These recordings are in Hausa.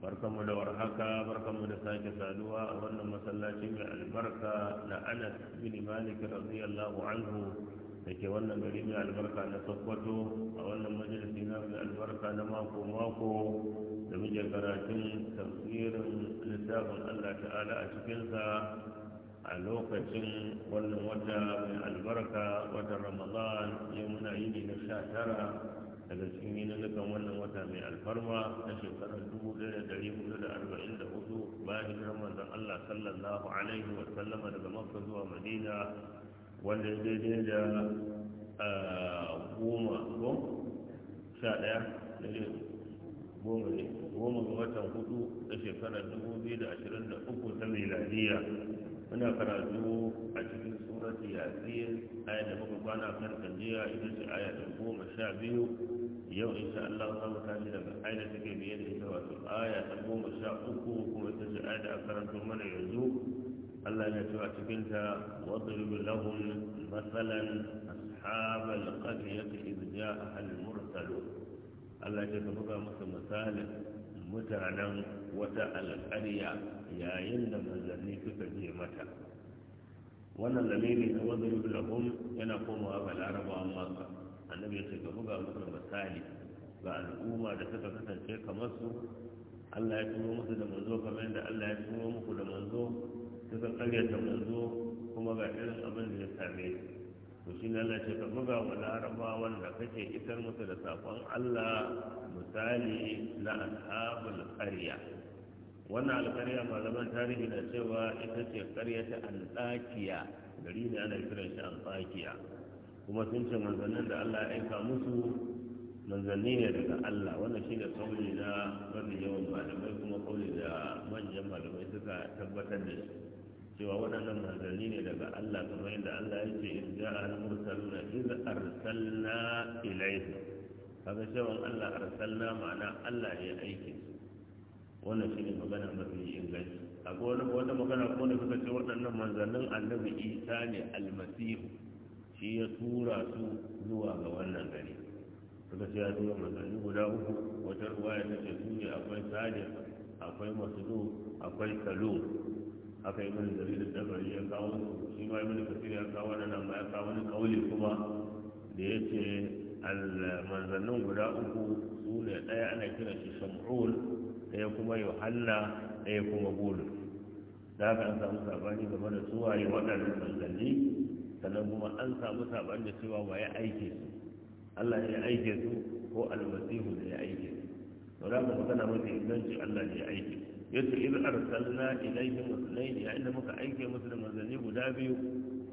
barkanmu da warhaka barkanmu da sake saduwa a wannan masallaci mai albarka na anas bin malik radiyallahu anhu da ke wannan gari mai albarka na sokoto a wannan majalisi na mai albarka na mako mako da muke karatun tafsirin littafin allah ta'ala a cikinsa a lokacin wannan wata mai albarka watan ramadan ya muna yini na sha tara daga cikin yininukan wannan wata mai alfarma na shekarar 1444 bayan hijirar manzon Allah sallallahu alaihi wa sallama daga Makka zuwa Madina wanda ya daidai da goma ko sha ɗaya goma ga watan hudu da shekarar uku ta miladiya muna karatu a cikin surati yasin aya da muka kwana kan kanjiya ita ce aya da goma sha biyu yau insha Allah za mu tashi daga aya take biye da ita wato aya ta goma sha uku kuma ita ce aya da karanto mana yanzu Allah ya ce a cikin ta wadrib lahum masalan ashabal qaryati idh ja'a al mursalun Allah ya ce ka buga musu misalin mutanen wata alƙarya yayin da manzanni suka je mata wannan lamiri na wanda lahum yana komawa ga larabawan maka annabi ya ce ga buga musu misali ga al'umma da suka kasance kamar su Allah ya tuno musu da manzo kamar yadda Allah ya tuno muku da manzo suka karyata manzo kuma ga irin abin da ya same su to shi ne ce ka buga wa larabawan da kake isar musu da sakon Allah misali na ashabul qarya wannan alƙarya malaman tarihi na cewa ita ce ƙarya ta alɗakiya gari ne ana kiran shi antakiya kuma sun ce manzannin da Allah ya aika musu manzanni ne daga Allah wannan shi shine kauli na mafi yawan malamai kuma kauli da manyan malamai suka tabbatar da shi cewa waɗannan manzanni ne daga Allah kamar yadda Allah ya ce in ja al mursaluna iz arsalna ilayhi kaga cewa Allah arsalna ma'ana Allah ya aike su wannan shine magana mafi inganci akwai wani wata magana ko ne suka ce waɗannan manzannin annabi Isa ne almasihu shi ya tura su zuwa ga wannan gari suka ce ya tura manzanni guda uku wata ruwaya ta ce su ne akwai sadiq akwai masudu akwai kalu haka mana da tabari ya kawo shi ma mana kafin ya kawo nan amma ya kawo wani kauli kuma da ya ce almanzannin guda uku su ne ɗaya ana kira shi sham'ul ɗaya kuma hanna ɗaya kuma bulu da aka an samu sabani game da su waye waɗannan manzanni sannan kuma an samu sabani da cewa waye aike su Allah ya aike su ko almasihu da ya aike su to da magana mafi inganci Allah ya aike su yadda in arsalna ilaihim musulmai ne yayin inda muka aike musu da manzanni guda biyu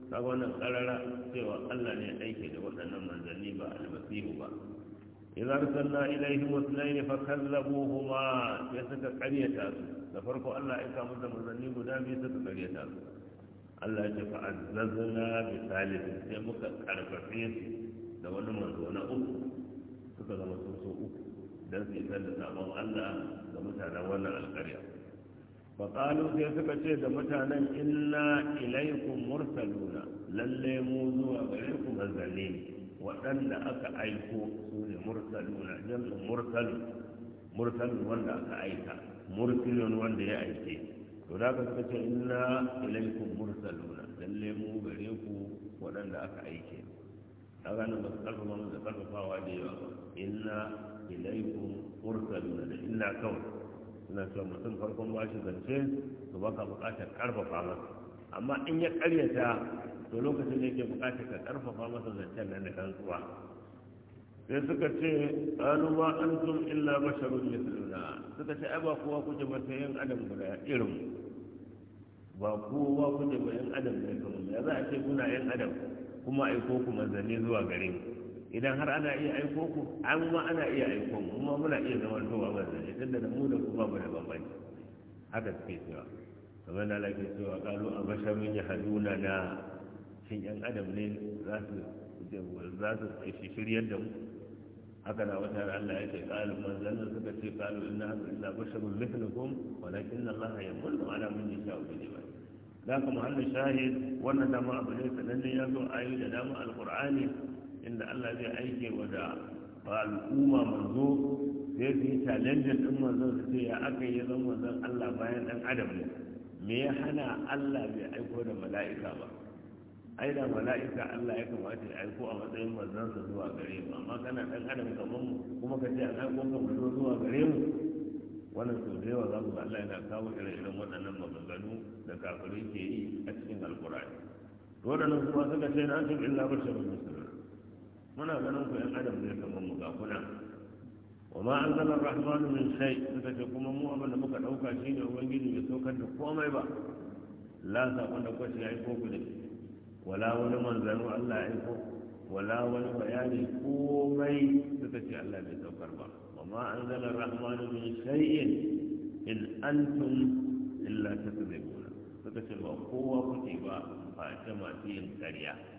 ta wannan karara cewa allah ne aiki da waɗannan manzanni ba almasihu ba in arsalna ilaihim musulmai ne fakar labuhu ma ya suka karyata su da farko allah aika musu da manzanni guda biyu suka karyata su allah ya ce fa azazna misali sai muka karfafe su da wani manzo na uku suka zama sun so uku don su isar da sabon allah ga mutanen wannan alƙarya ƙalu sai suka ce da mutanen inna ilaikun mursaluna lalle mu zuwa gare ku manzanni waɗanda aka aiko su ne mursaluna jam'in mursalu mursalun wanda aka aika mursalun wanda ya aike to da ka suka ce illa ilaikun mursaluna lalle mu gare ku waɗanda aka aike a ranar ba su ƙarfafa da ƙarfafawa da yawa inna ilaikum mursaluna da ina kawai suna cewa mutum farkon ba shi zance to baka buƙatar karfafa masa amma in ya karyata to lokacin da yake buƙatar ka karfafa masa zancen nan da rantsuwa sai suka ce qalu ma antum illa basharun mithluna suka ce ai ba kowa kuke ba sai yan adam guda irin ba kowa kuke ba yan adam ne kamar ya za a ce kuna yan adam kuma aiko ku zane zuwa gare mu idan har ana iya aiko ku an ma ana iya aiko mu ma muna iya zaman zama kowa manzanni tun da mu da kuma mu da bambanci haka suke cewa kamar da Allah ke cewa kalu a basharun ya haduna na shin yan adam ne za su za su shiryar da mu haka na wata Allah ya ce kalu manzannin suka ce kalu inna hadu illa basharun mithlukum walakin Allah yamullu ala man yasha'u bi ba. da haka muhallin shahid wannan dama abu ne sanannen ya zo ayoyi da dama alqur'ani inda Allah zai aike wa da al'umma manzo zai su yi challenging din manzon su ce ya aka yi zan manzon Allah bayan dan adam ne me ya hana Allah bai aiko da mala'ika ba ai da mala'ika Allah ya kamata ya aiko a matsayin manzon sa zuwa gare mu amma kana dan adam kamar mu kuma ka ce an aiko ka manzo zuwa gare mu wannan sau da yawa za mu ga Allah yana kawo ire-iren waɗannan maganganu da kafirai ke yi a cikin alkurani waɗannan kuma suka ce na an illa bashar musulmi muna ganin ku yan adam ne kamar mu ga kuna wa ma anzala ar min shay suka ce kuma mu abin da muka dauka shine ubangiji bai saukar da komai ba la sakon da kwace ya aiko ku ne wala wani manzano Allah ya ko? wala wani bayani komai suka ce Allah bai saukar ba wa ma anzala ar-rahman min shay'in in antum illa takzibuna suka ce ba kowa kuke ba face masu yin ƙarya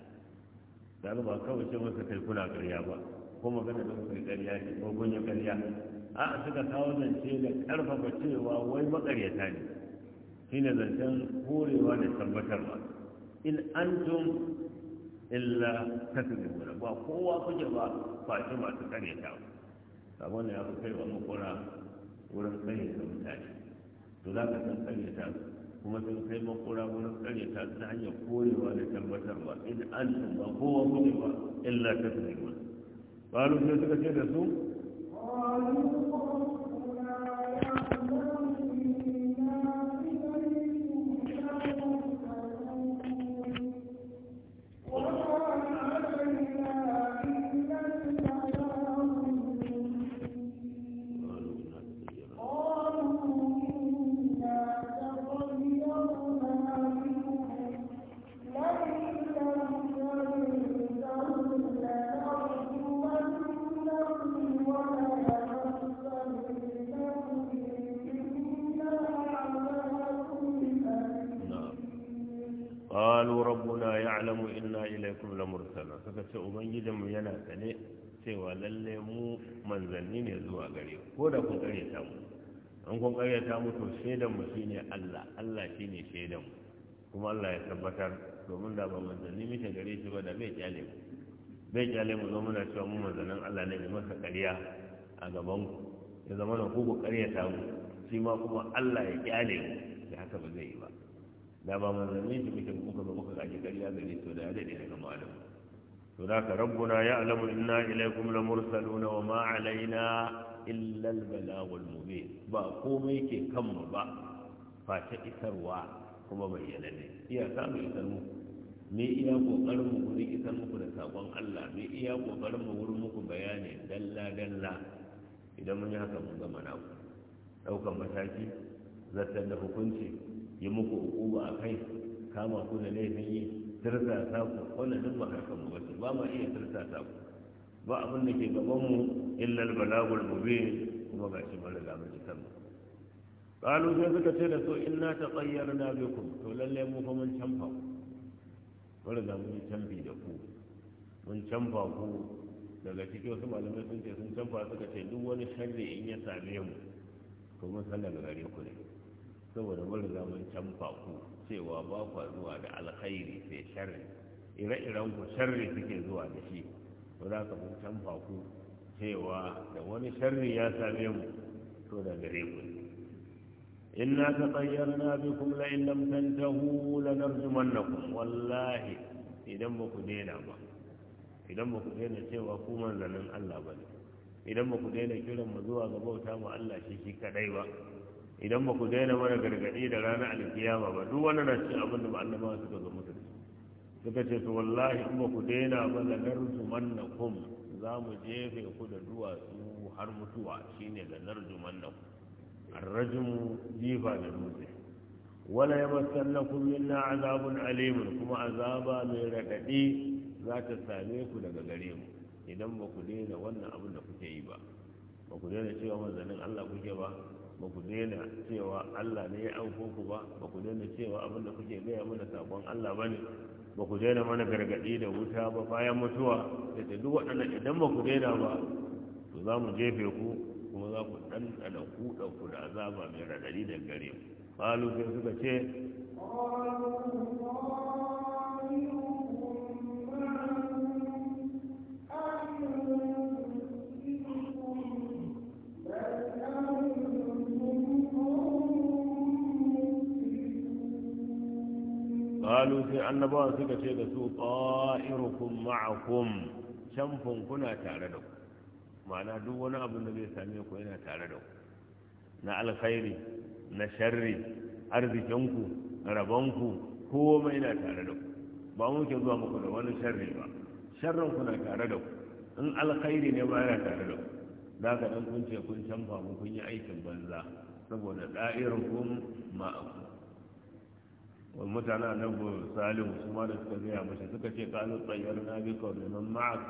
da ba kawai ce masa kai kuna ƙarya ba ko magana da kai ƙarya ne ko kun yi ƙarya a suka kawo zance da ƙarfafa cewa wai maƙaryata ne shine zancen korewa da tabbatarwa in tun illa takzibuna ba kowa kuke ba face masu ƙaryata ba wannan ya fi kaiwa makora wurin ƙaryata mutane to za ka san ƙaryata su kuma sun kai makura wurin tsare ta ta hanyar korewa da tabbatar ba in an ba kowa kuɗi ba illa ta tsare ba. Balu sai suka ce da su? lalle mu manzanni ne zuwa gare ko da kun karyata mu an kun karyata mu to shaidan mu shine Allah Allah shine shaidan mu kuma Allah ya tabbatar domin da ba manzanni muke gare shi ba da bai kyale mu bai kyale mu zo muna cewa mu manzannin Allah ne mai masa kariya a gaban ku ya zama da ku ku karyata mu shi ma kuma Allah ya kyale mu da haka ba zai yi ba da ba manzanni shi muke muka zo muka kariya da gare to da ya daɗe daga malamu to da ka rabbuna ya alamu inna ilaikum la mursaluna wa ma alaina illa al balagul mubin ba komai ke kanmu ba fa ta isarwa kuma bayyana ne iya samu isar mu me iya kokarin mu isar muku da sakon Allah me iya kokarin mu muku bayani dalla dalla idan mun yi haka mun gama na daukan mataki zartar da hukunci yi muku hukuma a kai kama ku da laifin yi tirsasa ku wanda duk ba haka mu bace ba ma iya tirsasa ku ba abin da ke gaban mu illa balagul mubin kuma ga shi mun riga mun cikan qalu sai suka ce da so inna taqayyarna bikum to lalle mu fa mun canfa ku mun riga mun canfi da ku mun canfa ku daga cikin wasu malamai sun ce sun canfa suka ce duk wani sharri in ya same mu to mun san daga gare ku ne saboda mun riga mun canfa ku cewa ba kwa zuwa da alkhairi sai sharri ire-iren ku sharri suke zuwa da shi to za ka mun canfa ku cewa da wani sharri ya same mu to da gare ku inna tatayyarna bikum la in lam tantahu lanarjumannakum wallahi idan ba ku daina ba idan ba ku daina cewa ku manzanin Allah ba ne idan ba ku daina kiran mu zuwa ga bauta mu Allah shi shi kadai ba idan ba ku daina mana gargaɗi da ranar alkiyama ba duk wannan na abin da annabawa suka zo musu suka ce to wallahi in ba ku daina ba manna kum za mu jefe ku da duwatsu har mutuwa shine la narjumannakum arrajmu jifa da dutse wala yamassannakum minna azabun alimun kuma azaba mai raɗaɗi za ta same ku daga gare mu idan ba ku daina wannan abin da kuke yi ba ba ku daina cewa manzannin Allah kuke ba ba ku daina cewa Allah ne ya auko ku ba ba ku daina cewa abin da kuke gaya mana sabon Allah ba ne ba ku daina mana gargaɗi da wuta ba bayan mutuwa da ta duk waɗannan idan ba ku daina ba to za mu jefe ku kuma za ku ɗanɗana kuɗa ku da azaba mai raɗaɗi da gare ku. Falu sai suka ce, qalu sai annabawan suka ce da su ta'irukum ma'akum camfin kuna tare da ku ma'ana duk wani abin da zai same ku yana tare da ku na alkhairi na sharri arzikinku rabonku komai na tare da ku ba mu zuwa muku da wani sharri ba sharrin na tare da ku in alkhairi ne ba yana tare da ku za ka dan kun ce kun canfa mu kun yi aikin banza saboda da'irin kun ma'akum mutane annabi salihu su ma da suka gaya mashi suka ce kalu tsayar na bi kawai man ma'ak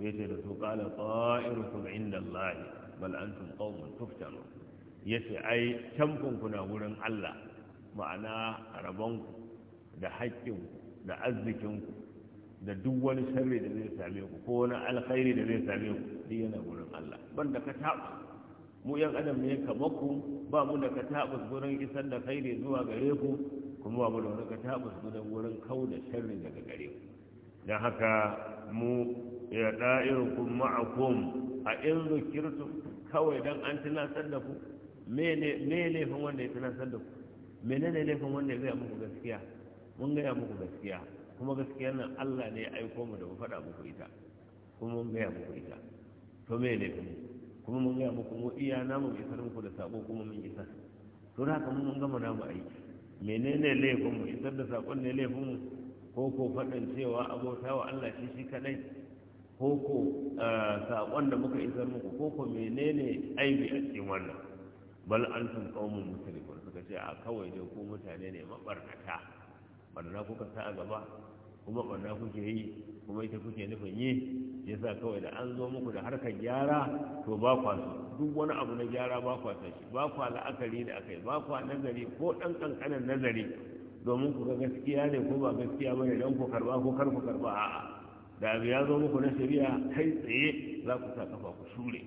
ya ce da su kala tsa'irukum inda Allah bal antum tuftanu ya ce ai camfin na wurin Allah ma'ana rabonku da haƙƙinku da arzikinku da duk wani sharri da zai same ku ko wani alkhairi da zai same ku duk yana wurin Allah banda ka taɓa mu yan adam ne kamar ku ba mu da taɓa gurin isar da khairi zuwa gare ku kuma ba mu da wani kata ba su don wurin kau da sharri daga gare ku don haka mu ya da'iru kun ma'akum a in zukirtum kawai don an tunasar da ku me laifin wanda ya tunasar da ku menene laifin wanda ya gaya muku gaskiya mun gaya muku gaskiya kuma gaskiya nan Allah ne ya aiko mu da mu faɗa muku ita kuma mun gaya muku ita to me laifin kuma mun gaya muku mu iya namu isar muku da sako kuma mun isa to haka mun gama namu aiki menene laifin mu isar da sakon ne laifin mu ko ko faɗin cewa abota wa Allah shi shi kadai ko ko eh, sakon da muka isar muku ko ko menene aibi a cikin wannan bal antum qaumun musrifun suka ce a kawai ne ku mutane ne mabarnata barna kuka sa a gaba kuma ɓarna kuke yi kuma ita kuke nufin yi ya sa kawai da an zo muku da harkar gyara to ba kwa su duk wani abu na gyara ba kwa sa shi ba kwa la'akari da aka yi ba kwa nazari ko ɗan ƙanƙanin nazari domin ku ga gaskiya ne ko ba gaskiya ba ne don ku karba ko kar ku karba a'a da abu ya zo muku na shari'a kai tsaye za ku sa kafa ku shure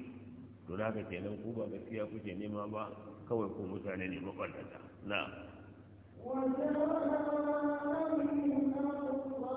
to da haka kenan ku ba gaskiya kuke nema ba kawai ko mutane ne maɓarnata na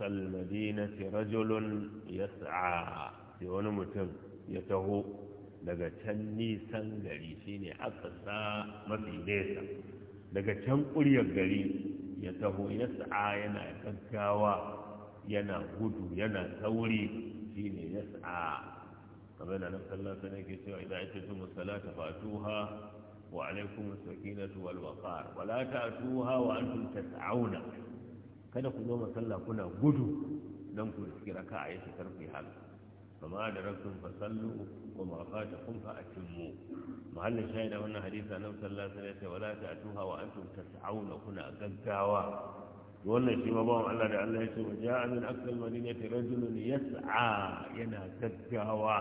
aqsal madinati rajulun yas'a sai wani mutum ya taho daga can nisan gari shine aqsa mafi nesa daga can kuryar gari ya taho yas'a yana gaggawa yana gudu yana sauri shine yas'a kamar da nan sallallahu alaihi ke cewa idan ake tun salata fatuha wa alaikum as-sakinatu wal waqar wa la ta'tuha wa antum tas'auna kada ku zo masalla kuna gudu don ku riski raka a yake karfi hal kama da rabbin fasallu wa ma fata kun fa atimmu mahallin shaida wannan hadisi annabi sallallahu alaihi wasallam wala tuha wa antum tas'auna kuna gaggawa wannan shi ma bawan Allah da Allah ya ce waja'a min aqsal madinati rajulun yas'a yana gaggawa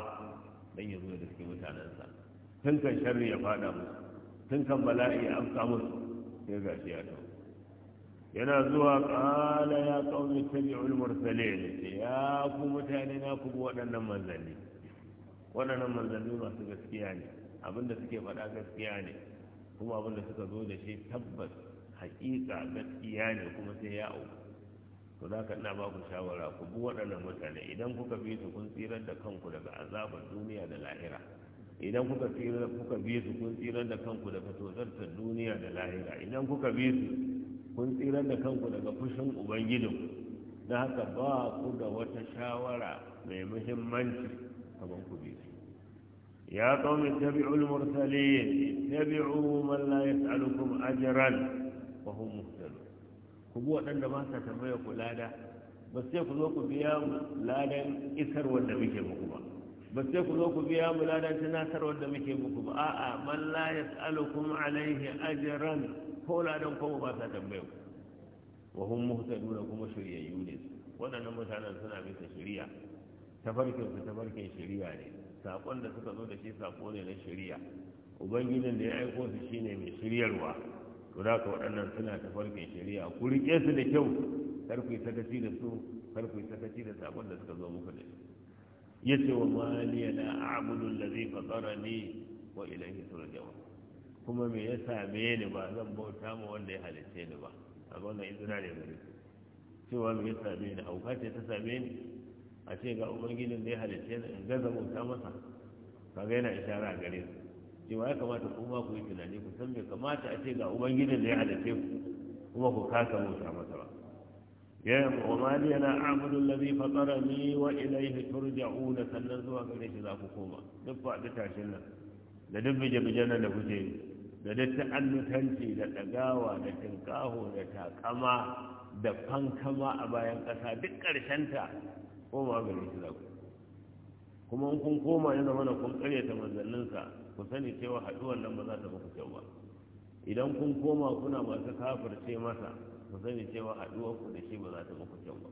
dan ya zo da suke mutanensa tun kan sharri ya fada musu tun kan bala'i ya amsa musu sai ga shi ya tafi yana zuwa ƙala ya ƙaunar tabi'ul mursalin ya ku mutane na ku waɗannan manzanni waɗannan manzanni masu gaskiya ne abinda suke faɗa gaskiya ne kuma abinda suka zo da shi tabbas haƙiƙa gaskiya ne kuma sai ya auku to za ka ina ba ku shawara ku bi waɗannan mutane idan kuka bi su kun tsirar da kanku daga azabar duniya da lahira idan kuka kuka bi su kun tsirar da kanku daga tozartar duniya da lahira idan kuka bi su kun tsirar da kanku daga fushin ubangijin don haka ba ku da wata shawara mai muhimmanci kamar ku bi ya kawai tabi mursalin tabi'u man la yas'alukum ajran wa hum muhtadun ku bi waɗanda ba sa tambaya ku lada ba sai ku zo ku biya mu ladan isar wanda muke muku ba ba sai ku zo ku biya mu ladan tunatar wanda muke muku ba a'a man la yas'alukum alaihi ajran kola don kuma ba sa tambayo wa hum muhtaduna kuma shiryayyu ne waɗannan mutanen suna bisa shirya. tafarkin su tafarkin shirya ne sakon da suka zo da shi sako ne na shirya. ubangijin da ya aiko su shine mai shiryarwa to da ka waɗannan suna tafarkin shirya. ku riƙe su da kyau kar ku yi sakaci da su kar ku yi sakaci da sakon da suka zo muku da shi yace wa maliya la a'budu allazi fatarani wa ilayhi turja'un kuma me ya same ni ba zan bauta ma wanda ya halitta ni ba a wannan izina ne gare cewa me ya same ni hauka ce ta same ni a ce ga ubangijin da ya halitce ni in gaza bauta masa kaga yana ishara gare su cewa ya kamata kuma ku yi tunani ku san me kamata a ce ga ubangijin da ya halitce ku kuma ku kasa bauta masa ba ya wa ma na a'budu allazi ni wa ilayhi da sannan zuwa gare shi za ku koma duk ba da tashin nan da duk bije-bijen nan da kuke da da ta'allutanci da ɗagawa da tinkaho da takama da fankama a bayan ƙasa duk ƙarshenta koma gare shi za ku kuma kun koma ya zama na kun ƙaryata manzanninsa ku sani cewa haɗuwar nan ba za ta muku kyau ba idan kun koma kuna masu kafirce masa ku sani cewa haɗuwar ku da shi ba za ta muku kyau ba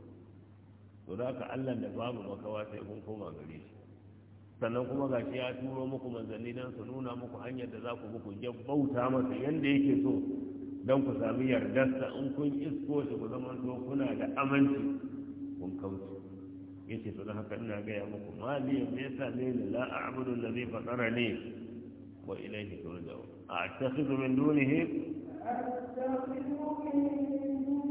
to da ka allah da babu makawa sai kun koma gare shi sannan kuma ga shi ya turo muku manzanni don su nuna muku hanyar da za ku bi ku bauta masa yadda yake so don ku sami yardarsa in kun isko shi ku zama to kuna da aminci kun kauce ya ce don haka ina gaya muku ma ne me yasa ne da la a'budu zai fasara ne wa ilayhi turja'un a takhudhu min dunihi zumin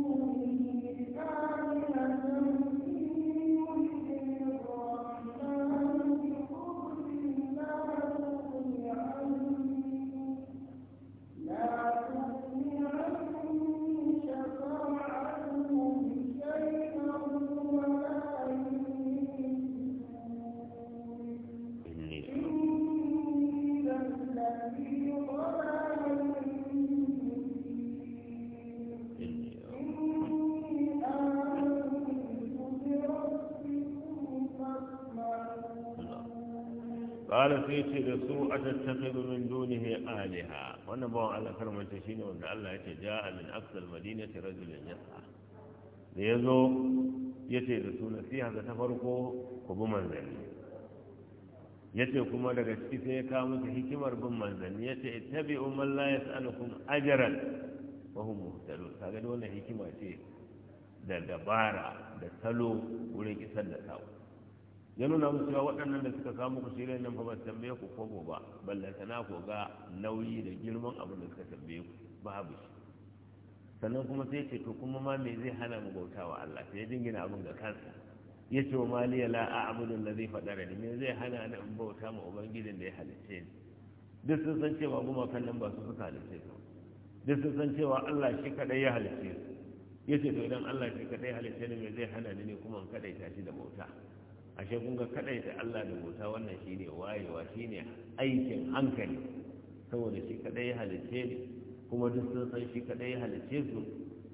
sai ce da su a tattakiru min dunihi aliha wannan bawan Allah karmanta ne wanda Allah ya ce a min madina madinati rajulun yas'a da yazo yace da su nasiha ga ta farko ku bi manzanni yace kuma daga ciki sai ya kawo musu hikimar bin manzanni yace ittabi'u man la yas'alukum ajran wa hum muhtadun kaga wannan hikima ce da dabara da salo wurin isar da sako ya nuna musu cewa waɗannan da suka samu ku shirya nan fa ba tambaye ku kobo ba ballantana ku ga nauyi da girman abin da suka tambaye ku babu shi sannan kuma sai ce to kuma ma me zai hana mu bauta wa Allah sai jingina abin da kansa ya ce wa maliya la a abudun da zai faɗa da me zai hana ni in bauta ma ubangijin da ya halicce ni duk sun san cewa gumakan nan ba su suka halicce su duk sun san cewa Allah shi kaɗai ya halicce su ya ce to idan Allah shi kaɗai ya halicce ni me zai hana ni ne kuma in kaɗai tashi da bauta ashe kun ga kadai da Allah da bauta wannan shine wayewa shine aikin hankali saboda shi kadai ya halice ne kuma duk sun san shi kadai ya halice su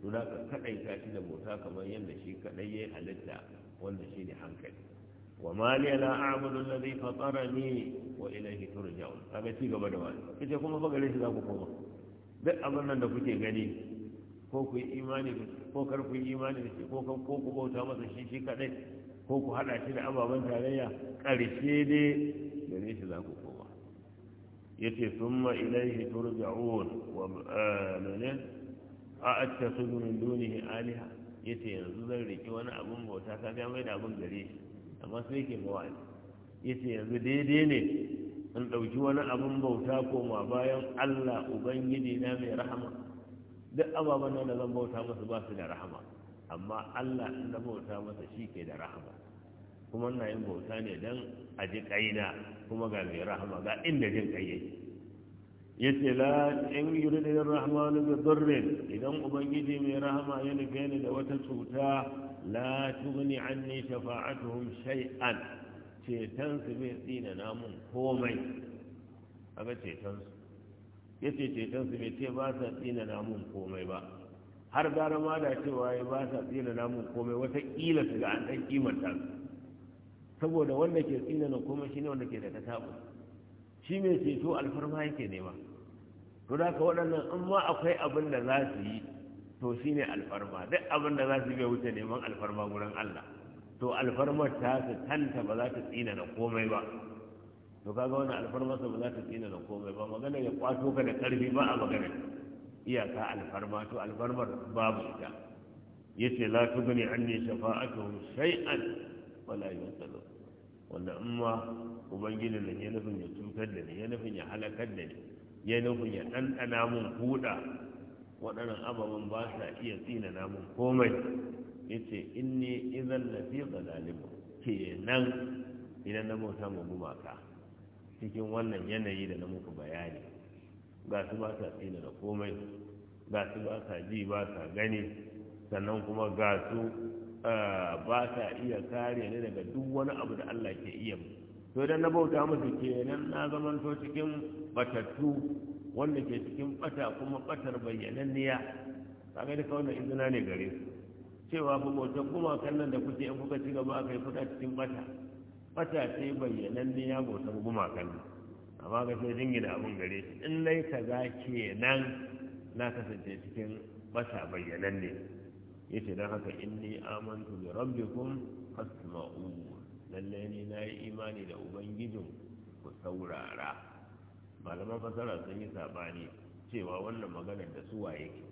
to da ka kadai ka shi da bauta kamar yadda shi kadai ya halitta wanda shine hankali wa ma li la a'budu alladhi fatarani wa ilayhi turja'un kaga ci gaba da wani kace kuma fa gare shi za ku koma duk abin nan da kuke gani ko ku yi imani ko kar yi imani da ko ko ku bauta masa shi shi kadai ko ku haɗa shi da ababen tarayya ƙarshe dai gare shi za ku koma ya ce sun ma ilaihi turja'un wa eh, mene a acca su min dunihi aliha ya ce yanzu zan riƙe wani abin bauta ka ga mai da abin gare shi amma sai ke mawa'ali ya ce yanzu daidai ne in ɗauki wani abin bauta koma bayan allah ubangiji na mai rahama duk ababen nan da zan bauta musu ba su da rahama amma Allah na bauta masa shi ke da rahama kuma na yin bauta ne don a ji ƙaina kuma ga mai rahama ga inda jin ƙai ya ce la in yi rahama wani bi durrin idan ubangiji mai rahama ya nufe ni da wata cuta la tuni anni shafa'atuhum shay'an ceton su bai tsina namun komai aga ceton su yace ceton su bai ce ba sa tsina namun komai ba har gara ma da cewa ya ba sa tsina namun komai wata ƙila su ga an ɗan kimanta saboda wanda ke tsina na komai shine wanda ke da ta samu shi mai ceto alfarma yake nema to da ka waɗannan in ma akwai abin da za su yi to shine alfarma duk abin da za su bai wuce neman alfarma gurin Allah to alfarmar ta su kanta ba za ta tsina na komai ba to kaga wannan alfarma ba za ta tsina na komai ba magana ya kwato ka da ƙarfi ba a magana iyaka alfarma to alfarmar babu ita yace la tugni anni shafa'atuhum shay'an wala yunsalu wanda amma ubangiji ne ya nufin ya tukar da ni ya nufin ya halakar da ni ya nufin ya ɗanɗana mun huɗa, waɗannan ababen ba sa iya tsina mun komai yace inni idan lafi Ke kenan idan na bauta mu gumaka cikin wannan yanayi da na muku bayani ga su ba sa tsina da komai ga su ba sa ji ba sa gani sannan kuma ga su ba sa iya kare ne daga duk wani abu da Allah ke iya mu to idan na bauta musu kenan na to cikin batattu wanda ke cikin bata kuma batar bayyananniya kaga ka wannan izina ne gare su cewa fa bautar gumakan nan da kuke in kuka ci gaba aka yi kuɗa cikin bata bata ce bayyananniya bautar gumakan nan amma ga sai gina abin gare shi in lai kaza nan na kasance cikin bata bayyanan ne yace don haka inni amantu bi rabbikum fasma'u lallai ni na yi imani da ubangijin ku saurara malaman fasara sun yi sabani cewa wannan maganar da suwa yake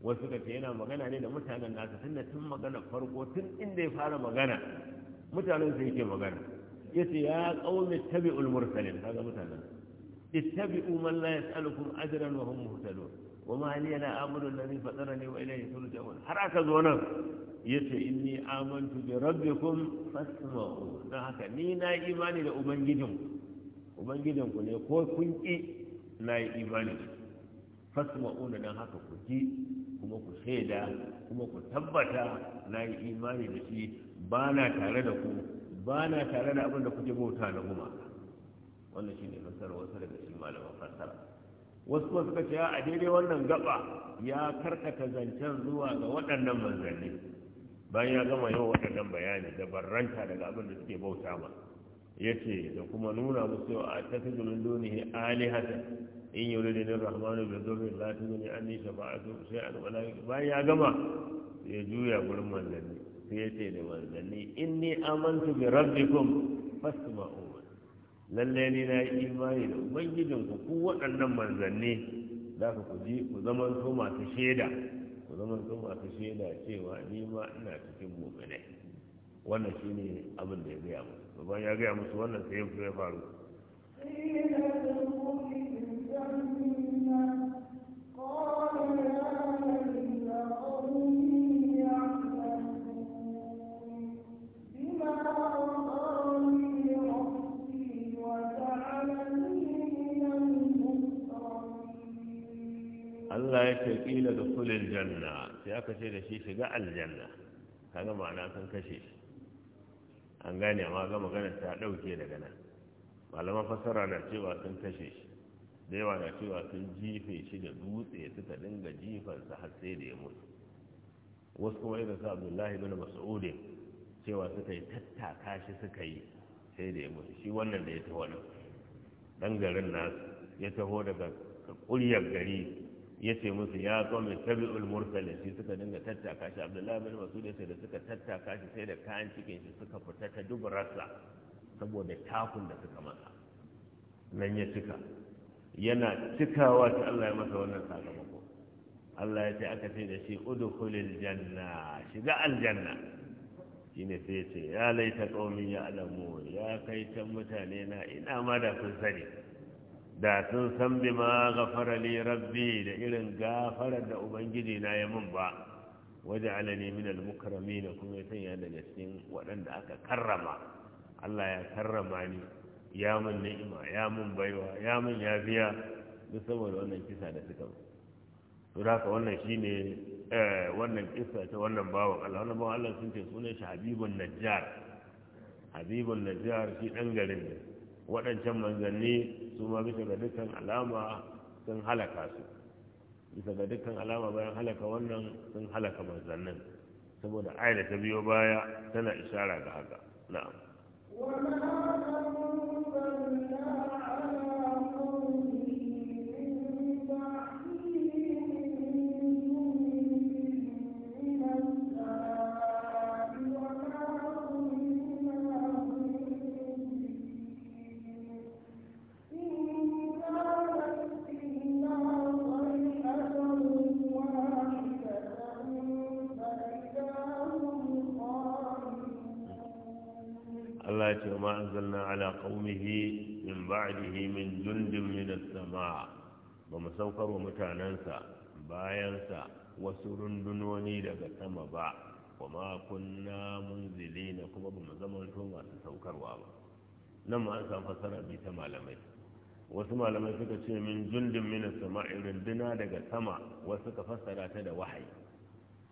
wasu ka ce yana magana ne da mutanen nasa tun da tun magana farko tun inda ya fara magana mutanen su yake magana yace ya qaumi tabi'ul mursalin kaga mutanen ittabi'u man la yas'alukum ajran wa hum muhtadun wa ma li ana a'budu alladhi fatarani wa ilayhi turja'un har aka zo nan yace inni amantu bi rabbikum fasma'u dan haka ni na imani da ubangijin ku ne ko kun ki na yi imani da fasma'una dan haka ku ji kuma ku shaida kuma ku tabbata na yi imani da ki ba na tare da ku ba na tare da abin da kuke bauta na gumaka wannan ne fassara wasu daga cikin malaman fassara wasu kuma suka ce a daidai wannan gaba ya karkata zancen zuwa ga waɗannan manzanni bayan ya gama yau waɗannan bayani da barranta daga abin da suke bauta ma yace da kuma nuna musu a tafidu min dunihi alihatan in yi wurin da rahmanu da zurri la tuzuni anni sai an wala bayan ya gama ya juya gurin manzanni sai ya ce da manzanni ni amantu bi rabbikum fasma'u lalle ni na yi imani da ubangijinku ku waɗannan manzanni za ka ku ji ku zaman to masu shaida ku zaman to masu shaida cewa ni ma ina cikin mu'minai wannan shine abin da ya gaya musu babban ya gaya musu wannan sai ya faru قال يا Allah ya ce kila da kulin janna sai aka ce da shi shiga aljanna kaga ma'ana kan kashe shi an gane amma ga magana ta ɗauke daga nan malaman fassara na cewa sun kashe shi da yawa na cewa sun jife shi da dutse suka dinga jifansa har sai da ya mutu wasu kuma irin sa abdullahi bin mas'udi cewa suka yi tattaka shi suka yi sai da ya mutu shi wannan da ya taho nan dan garin nasu ya taho daga ƙuryar gari ya ce musu ya kome tabi mursalin shi suka dinga tattaka shi abdullahi bin masud ya da suka tattaka shi sai da kayan cikin shi suka fita ta dubararsa saboda takun da suka masa nan ya cika yana cikawa ta Allah ya masa wannan sakamako Allah ya ce aka ce da shi udkhulil janna shiga aljanna shine sai ya ce ya laita qaumi ya alamu ya kai can mutane na ina ma da sun sani da sun san bi ma gafara li rabbi da irin gafarar da ubangiji na ya mun ba waje alani min al-mukarrami kuma ya sanya daga cikin waɗanda aka karrama Allah ya karrama ni ya mun ni'ima ya mun baiwa ya mun yafiya duk saboda wannan kisa da suka mu to haka wannan shine eh, wannan kisa ta wannan bawan Allah wannan bawan Allah sun ce sunan shi Habibun Najjar Habibun Najjar shi dan garin ne waɗancan manzanni su ma bisa ga dukkan alama sun halaka su bisa ga dukkan alama bayan halaka wannan sun halaka manzannin saboda ayyana ta biyo baya tana ishara ga haka na'am قومه من بعده من جند من السماء ومسوكر ومتاننسا باينسا وسرندنوني لك سما با وما كنا منزلين كما بمزمن توما تسوكر وابا نما أنسى فسر ta مالمي wasu malamai suka ce min jundin mina sama runduna daga sama wasu ka fassara ta da wahayi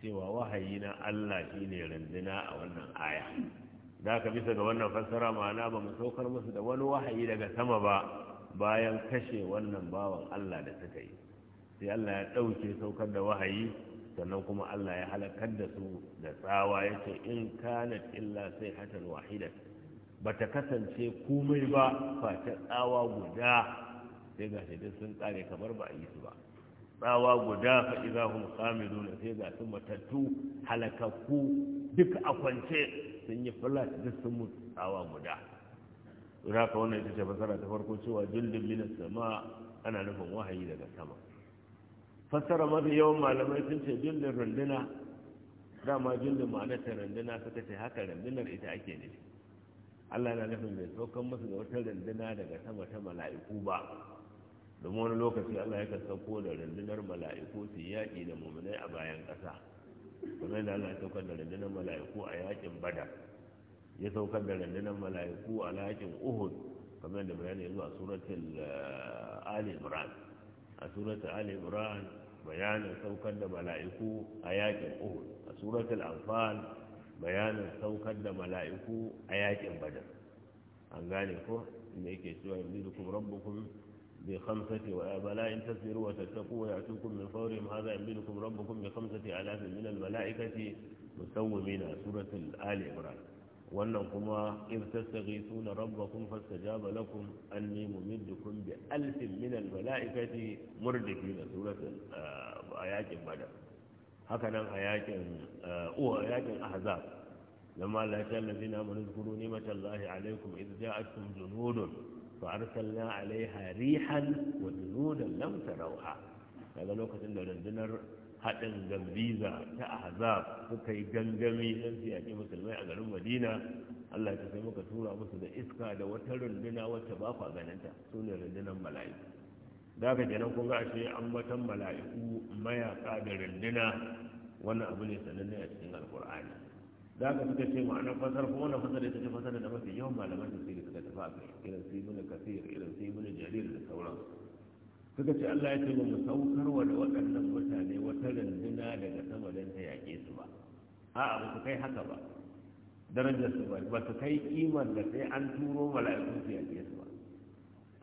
cewa wahayi na Allah shine runduna a wannan aya da ka bisa ga wannan fassara ma'ana ba mu saukar musu da wani wahayi daga sama ba bayan kashe wannan bawan Allah da suka yi sai Allah ya ɗauke saukar da wahayi sannan kuma Allah ya halakar da su da tsawa ya ce in kanat illa sai hatan wahida ba ta kasance komai ba face tsawa guda sai ga shi sun tsare kamar ba a yi su ba tsawa guda fa'iza hum khamiduna sai ga su matattu halakakku duk a kwance sun yi flat duk sun mutu tsawa guda don ka wannan ita ce fasara ta farko cewa jundun minas sama ana nufin wahayi daga sama fassara mafi yawan malamai sun ce jundun runduna dama jundun ma'anarta runduna suka ce haka rundunar ita ake ne Allah na nufin bai saukan musu da wata runduna daga sama ta mala'iku ba domin wani lokaci Allah ya sauko da rundunar mala'iku su yaƙi da muminai a bayan ƙasa zai da Allah ya saukar da rundunar mala'iku a yakin bada ya saukar da rundunar mala'iku a yakin uhud kamar da bayani yanzu a suratul eh, ali imran a suratul ali imran bayanin saukar da mala'iku a yakin uhud a suratul anfal bayanin saukar da mala'iku a yakin Bada. an gane ko inda yake cewa yanzu da kuma rabbukum بخمسة وآبلاء تصبروا وتتقوا ويأتوكم من فورهم هذا ينبلكم ربكم بخمسة آلاف من الملائكة مسومين سورة آل عمران wannan kuma in tastaghithuna rabbakum fastajaba lakum anni mumiddukum bi alfin min almalaikati murdifina suratul ayatin badar haka nan ayatin uh ayatin ahzab lamma la ta'lamu zina man zkuru ni'matallahi alaykum idh فأرسلنا عليها ريحا وجنودا لم تروها daga lokacin da rundunar haɗin gambiza ta ahzab suka yi gangami don su yaƙi musulmai a garin madina allah ta sai muka tura musu da iska da wata runduna wacce ba kwa ganinta su ne rundunar mala'iku da ka kenan kun ashe an matan mala'iku mayaka da runduna wannan abu ne sananne a cikin alkur'ani da haka suka ce ma'anar fasar ko wannan fasar ita ce fasar da mafi yawan malaman tafsiri suka tafi a kai irin su ibn kasir irin su ibn jarir da suka ce Allah ya ce ba mu saukarwa da waɗannan mutane wata runduna daga sama don ta yaƙe su ba a'a ba su kai haka ba darajar su ba ba su kai kimar da sai an turo mala'iku su yaƙe su ba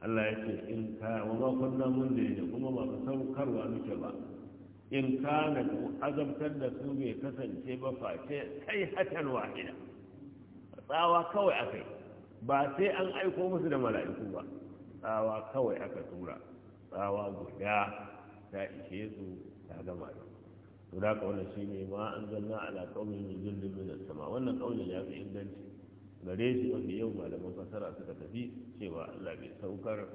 Allah ya ce in ka wa ba kunna mun da kuma ba mu saukarwa muke ba in kana azabtar da su bai kasance ba face kai hatan wahida tsawa kawai akai ba sai an aiko musu da mala'iku ba tsawa kawai aka tura tsawa guda ta ishe su ta gama da su da wannan ne ma an zanna ala qaumin min jundin min sama wannan kaulin ya fi inganci gare shi wanda yau malaman fasara suka tafi cewa Allah bai saukar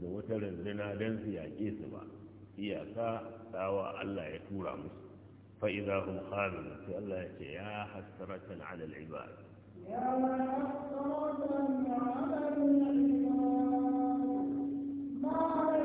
da wata rundunar dan su yaƙe su ba iyaka tsawa Allah ya tura musu fa'iza hun khalun sai Allah ya ce ya hasaratan alal ibad ya hasaratan alal ibad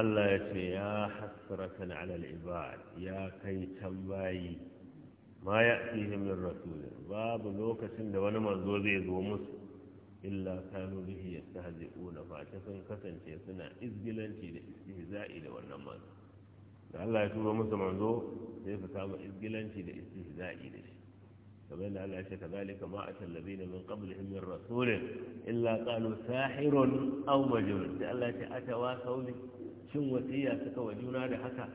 Allah ya ce ya hasratan ala al-ibad ya kai can bayi ma ya'tihim min rasul babu lokacin da wani manzo zai zo musu illa kanu bihi yastahzi'una fa ta sun kasance suna izgilanci da istihza'i da wannan manzo da Allah ya tura musu manzo sai su samu izgilanci da istihza'i da shi kamar yadda Allah ya ce kazalika ma atallazina min qablihim min rasul illa qalu sahirun aw majnun sai Allah ya ce atawa qawli shin wasiya suka wa juna da haka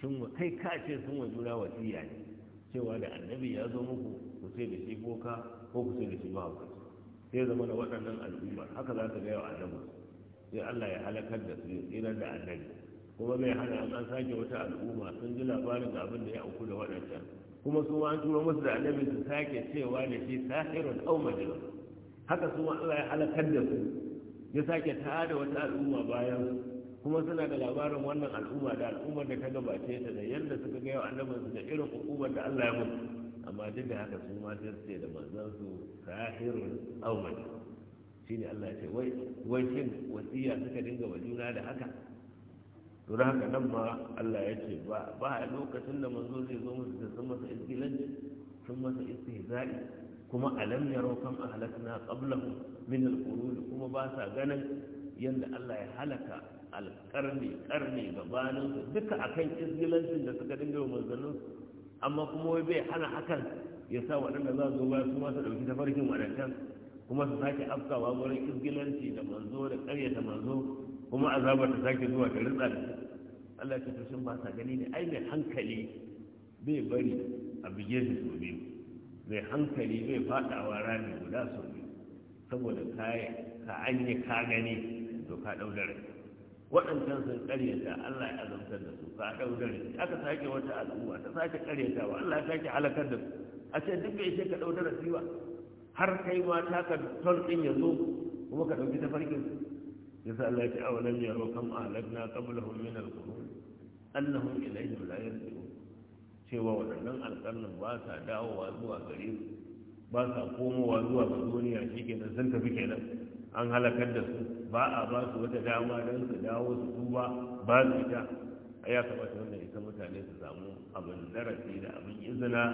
shin kai ka ce sun wa juna wasiya ne cewa da annabi ya zo muku ku sai da shi boka ko ku sai da shi ku sai zama da waɗannan al'ummar haka za ka gaya wa annabi sai allah ya halakar da su ya tsira da annabi kuma mai hana an an sake wata al'umma sun ji labarin abin da ya auku da waɗancan kuma su ma an turo musu da annabi su sake cewa da shi sahirun au majnun haka su ma allah ya halakar da su ya sake tada wata al'umma bayan su kuma suna da labarin wannan al'umma da al'ummar da ta gabace ta da yadda suka gaya wa annabin su da irin hukumar da Allah ya mutu amma duk da haka su ma sai su da manzon su sahir aw Shi ne Allah ya ce wai wai shin wasiya suka dinga wa juna da haka to da haka nan ma Allah ya ce ba ba lokacin da manzo zai zo musu da sun masa istilanci sun masa istihza'i kuma alam yarau kam ahlakna qablahum min al kuma ba sa ganin yanda Allah ya halaka Alƙarni ƙarni gabanin su duka akan izgilancin da suka dinga manzannin su amma kuma wai bai hana hakan ya sa waɗanda za zo baya su ma su ɗauki tafarkin waɗancan kuma su sake afkawa wurin izgilanci da manzo da ƙaryata manzo kuma azabar ta sake zuwa ta rutsa da Allah ya ce ba sa gani ne ai mai hankali bai bari a bige shi sau biyu mai hankali bai faɗawa rami guda sau biyu saboda ka ka ka gani to ka ɗau da rai waɗancan sun ƙaryata Allah ya azabtar da su ka ɗaudare aka sake wata al'umma ta sake wa Allah ya sake halakar da su a ce duk bai ishe ka ɗaudare siwa har kai ma ta ka tol ɗin ya zo kuma ka ɗauki tafarkin su ya sa Allah ya ce a walam ya ro kam ahlakna qablahum min al-qurun annahum ilayhim la yarji'un cewa waɗannan alƙarnin ba sa dawowa zuwa gare su ba sa komowa zuwa ga duniya shi kenan sun tafi kenan an halakar da su ba a ba su wata dama don su dawo su duba ba su ita a ya kamata wanda ita mutane su samu abin darasi da abin izina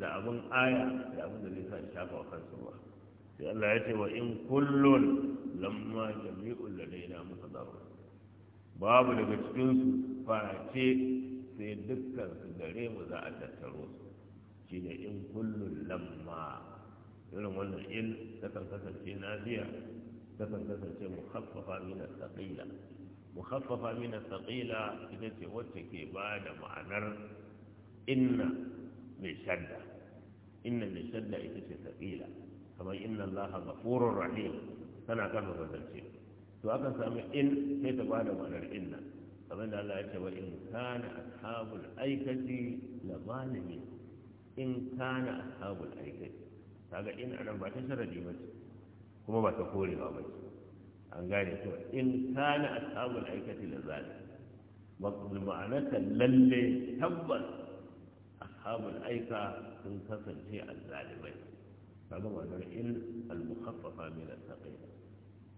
da abin aya da abin da zai sa shafa kansu ba sai Allah ya ce wa in kullun lamma jami'ul ladaina muhdarun babu daga cikin su face sai dukkan su gare mu za a tattaro su shine in kullun lamma علم العلم تتلفت في نافيه تتلفت في مخففه من الثقيله مخففه من الثقيله التي وجهك بعد معنر ان بشده ان بشده التي ثقيله كما ان الله غفور رحيم فانا كما تلفت تو اكن سامي ان كيف بعد معنر ان فمن الله يتوى ان كان اصحاب الايكه لظالمين ان كان اصحاب الايكه kaga in anan ba ta sharadi ba kuma ba ta korewa ba ce an gane to in kana ashabul aikati la zalim maqdul ma'anata lalle tabbas ashabul aika sun kasance azzalimai kaga ma'anar in al mukhaffafa min al thaqil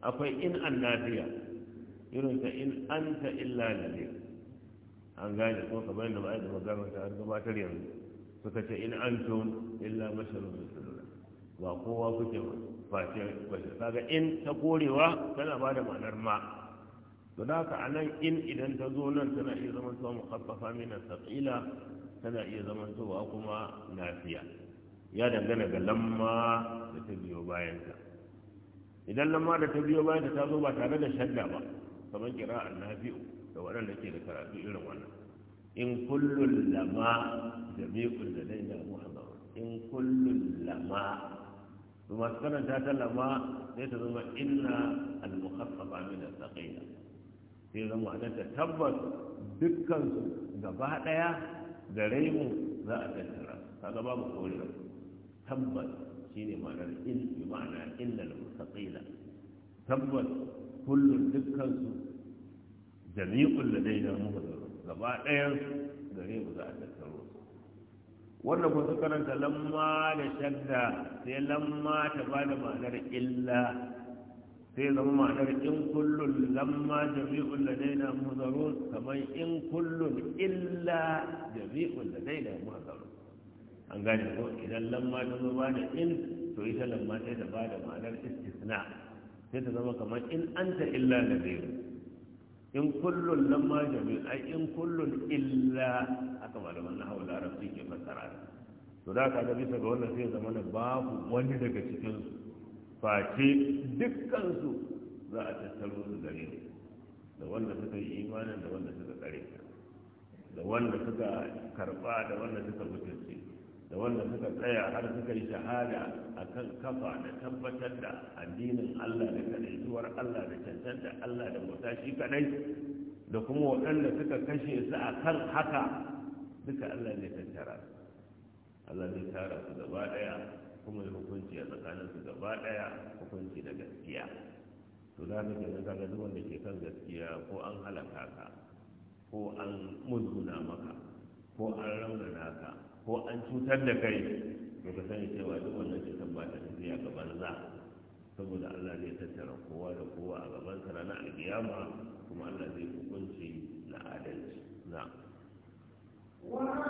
akwai in annabiya irin ta in anta illa nadir an gane ko kamar yadda ma'aikata magana ta gabatar yanzu suka ce in antum illa basharun mithlukum ba kowa kuke face kwace kaga in ta korewa tana ba da ma'anar ma to da haka anan in idan ta zo nan tana iya zaman zuwa mukhaffafa min as tana iya zaman zuwa kuma lafiya. ya dangana ga lamma da ta biyo bayanta. idan lamma da ta biyo bayanta ta zo ba tare da shadda ba kamar kira'an nafi'u da waɗanda ke da karatu irin wannan in kullum lama da jami'ul ladaina muhammad in kullum lama وما سكن تاتل ما ليس ثم إلا المخففة من الثقيلة في ذم أن تتبت دكا جبهت يا جريم لا تسرى هذا باب قول تبت إن معنى إل بمعنى إلا المستقيلة تبت كل دكا جميع الذين مهدر جبهت يا جريم لا wanda kun suka ranta lamma da shadda sai lamma ta ba da ma'anar illa sai zama ma'anar in kullun lamma jami'un ladaina muhzarun kamar in kullun illa jami'un ladaina muhzarun an gane ko idan lamma ta zo da in to ita lamma sai ta ba da ma'anar istisna sai ta zama kamar in anta illa da ladaina in kullun nan ma jami ai in kullun illa haka malaman na hawa larabci ke fassara to da ka bisa ga wannan sai zama na babu wani daga cikin su face dukkan za a tattaro su gare ne da wanda suka yi imanin da wanda suka kare da wanda suka karba da wanda suka mutunci da wanda suka tsaya har suka yi shahada a kan kafa da tabbatar da addinin Allah da kadaituwar Allah da cancanta Allah da bauta shi kadai da kuma waɗanda suka kashe su a kan haka duka Allah zai tattara Allah zai tara su gaba ɗaya kuma ya hukunci a tsakanin su gaba ɗaya hukunci da gaskiya to za ka kenan ka duk wanda ke kan gaskiya ko an halaka ka ko an muzguna maka ko an raunana ka ko an cutar da kai to ka sani cewa duk wannan cutar ba ta tafiya ga banza saboda Allah zai tattara kowa da kowa a gaban sa ranar alkiyama kuma Allah zai hukunci na adalci na وَعَلَى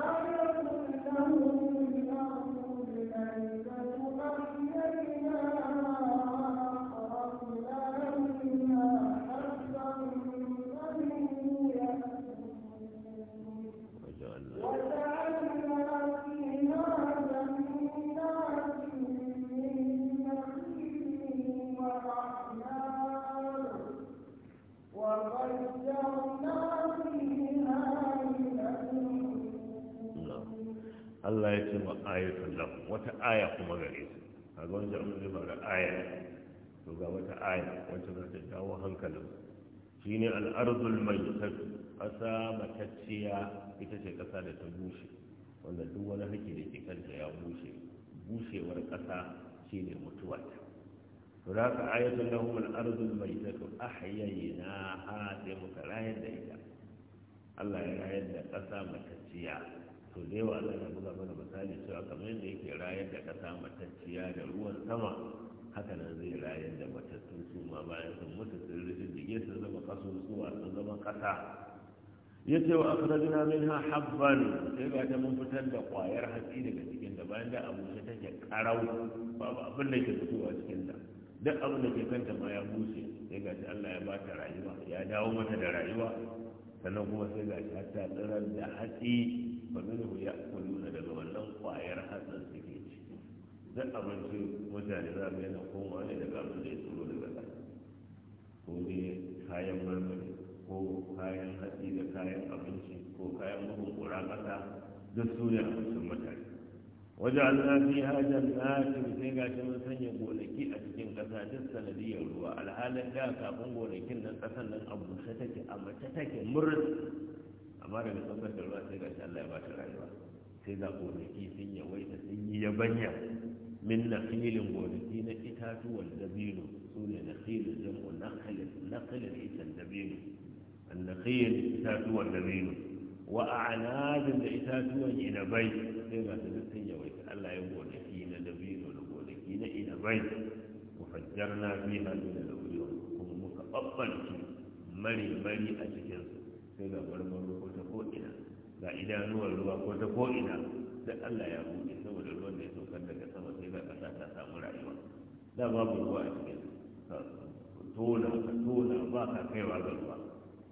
Allah ya ce ma ayatul lahu wata aya kuma gare su kaga wanda an zai mara aya to ga wata aya wacce za ta jawo hankalin shine al-ardul mayyitat ƙasa matacciya ita ce ƙasa da ta bushe wanda duk wani hake da ke kanta ya bushe bushewar ƙasa shine mutuwa to da ka ayatul lahum al-ardul na, ahyaynaha sai muka rayar da ita Allah ya rayar da ƙasa matacciya to da yawa Allah ya buga mana misali cewa kamar yadda yake rayar da ƙasa matacciya da ruwan sama haka nan zai rayar da matattun su ma bayan sun mutu sun rijige sun zama a sun zama ƙasa ya ce wa akhrajna minha habban sai ga ta mun fitar da kwayar hatsi daga cikin da bayan da abu ta take karau babu abin da ke fitowa cikin da duk abin da ke kanta ma ya bushe sai ga Allah ya ba ta rayuwa ya dawo mata da rayuwa sannan kuma sai ga shi hatta tsirar da hatsi ba zai ku ya nuna daga wannan kwayar hatsin suke ci zan abinci mutane za mu yana komawa ne daga abin da ya tsoro daga ƙasa ko dai kayan marmari ko kayan hatsi da kayan abinci ko kayan mahukura ƙasa duk su ne abincin mutane وجعلنا فيها جنات sai gashi mun sanya gonaki a cikin ƙasa duk sanadiyar ruwa alhalin da kafin gonakin nan ƙasan nan a bushe take a mace take murus amma daga ƙasar da ruwa sai gashi Allah ya bata rayuwa sai ga gonaki sun yawaita sun yi yabanya min na filin gonaki na itatuwan dabino su ne filin jam'u nakhlin nakhlin itan dabino an nakhil itatuwan dabino wa anazin da itatuwan inabai sai ga su sun yawaita Allah ya gonaki na dabino da gonaki na inabai wa na fiha min al-uyun kuma muka babbanci mari mari a cikin su sai ga marmaro ko ta ko ga idanuwar ruwa ko ta ko ina sai Allah ya buɗe saboda ruwan da ya saukar daga sama sai ga ƙasa ta samu rayuwa da babu ruwa a cikin tona ka tona ba ka kaiwa ga ruwa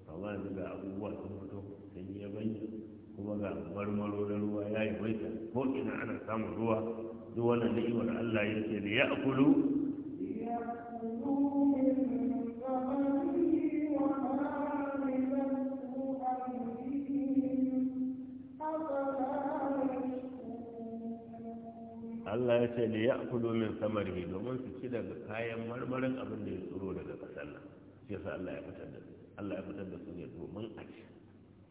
amma yanzu ga abubuwa sun fito ya bayyana kuma ga marmaro na ruwa ya yi waita ko ina ana samun ruwa duk wannan ni'imar Allah yake ne ya akulu Allah ya ce da ya kudu min samari domin su ci daga kayan marmarin abin da ya tsoro daga ƙasar nan shi yasa Allah ya fitar da su Allah ya fitar da su ne domin a ci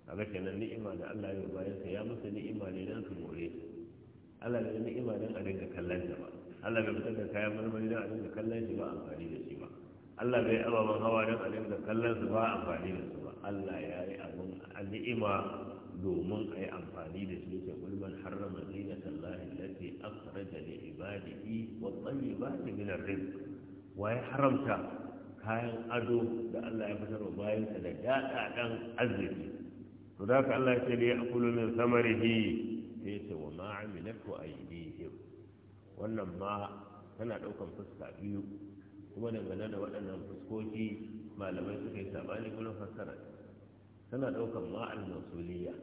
a ga kenan ni'ima da Allah ya bayan sa ya musu ni'ima ne dan su more Allah bai ni'ima dan a dinga kallon ta ba Allah bai fitar da kayan marmari dan a dinga kallon shi ba amfani da shi ba Allah bai ababen hawa dan a dinga kallon su ba amfani da su ba Allah ya yi abun ni'ima domin a yi amfani da shi ce kulman harrama zinata Allah allati akhraja li ibadihi wa tayyibati min ar-rizq wa ya haramta kayan ado da Allah ya fitar bayan sa da dada dan arziki to da ka Allah ce a ya akulu min samarihi sai wa ma amilatu aydihim wannan ma tana ɗaukan fuska biyu kuma dangane da waɗannan fuskoki malamai suka yi sabani gurin fassara tana ɗaukan ma al-mausuliyya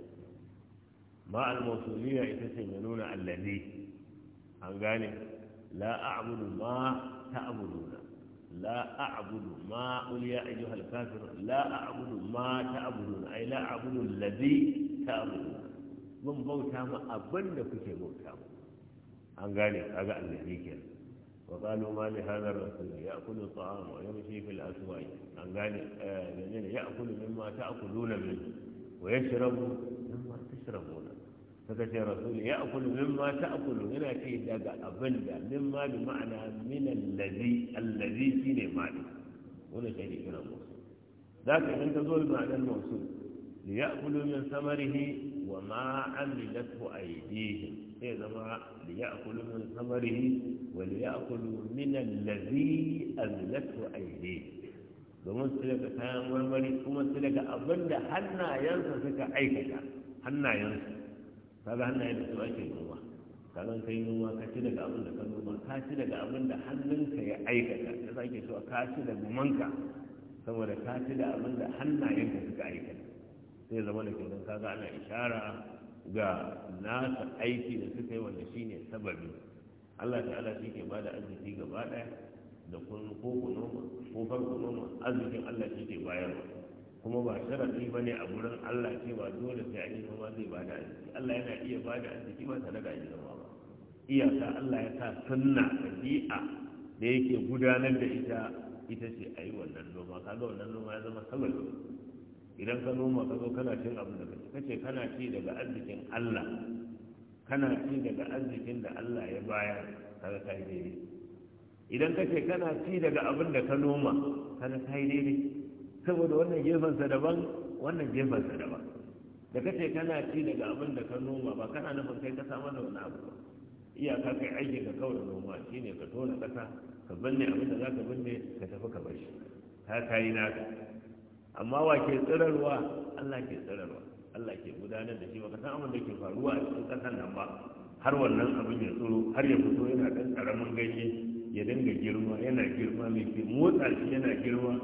ma al ita ce mai nuna allazi an gane la a'budu ma ta'buduna لا أعبد ما قل يا أيها الكافر لا أعبد ما تعبدون أي لا أعبد الذي تعبدون من بوتا ما أبن كتي بوتا أن قال أقع الذي كان وقالوا ما لهذا الرسول يأكل الطعام ويمشي في الأسواق أن قال آه يأكل مما تأكلون منه ويشرب مما تشربون فكتي رسول يأكل مما تأكل هنا في دقاء بلد مما بمعنى من الذي الذي سيني مالي هنا شيء هنا موصول ذاك حين تقول معنى الموصول ليأكلوا من ثمره وما عملته أيديهم إذا ليأكلوا من ثمره وليأكلوا من الذي أملته أيديهم بمثلك تام والمريض ومثلك أظن حنا ينسى سكا أيكا حنا ينسى kaga hannaye da su ake noma kaga kai noma ka ci daga abin da ka noma ka ci daga abin da hannunka ya aikata ya sake so ka ci da gumanka saboda ka ci da abin da hannayenka suka aikata sai zama da kenan kaga ana ishara ga nasa aiki da suka yi wanda shine sababi Allah ta'ala shi ke bada arziki gaba daya da kun ko ku noma ko farko noma arzikin Allah shi ke bayarwa kuma ba sharaɗi ba ne a wurin allah cewa dole sai an yi noma zai ba da arziki allah yana iya ba da arziki ba tare da an yi ba iyaka allah ya sa sunna ɗabi'a da yake gudanar da ita ita ce a yi wannan noma ga wannan noma ya zama sababi idan ka noma ka zo kana cin abin da kace kace kana ci daga arzikin allah kana ci daga arzikin da allah ya bayar kaga ka yi daidai idan kace kana ci daga abin da ka noma kaga ka yi daidai saboda wannan gefensa daban wannan gefensa daban da kace kana ci daga abin da ka noma ba kana nufin kai ka samar da wani abu ba iyaka kai aiki ka kawai noma shine ka tona kasa ka binne abin da za ka binne ka tafi ka bar shi ka kayi naka amma wa ke tsirarwa Allah ke tsirarwa Allah ke gudanar da shi ba ka san abin da ke faruwa a cikin kasan nan ba har wannan abin ya tsoro har ya fito yana ɗan ƙaramin ganye ya dinga girma yana girma mai motsa shi yana girma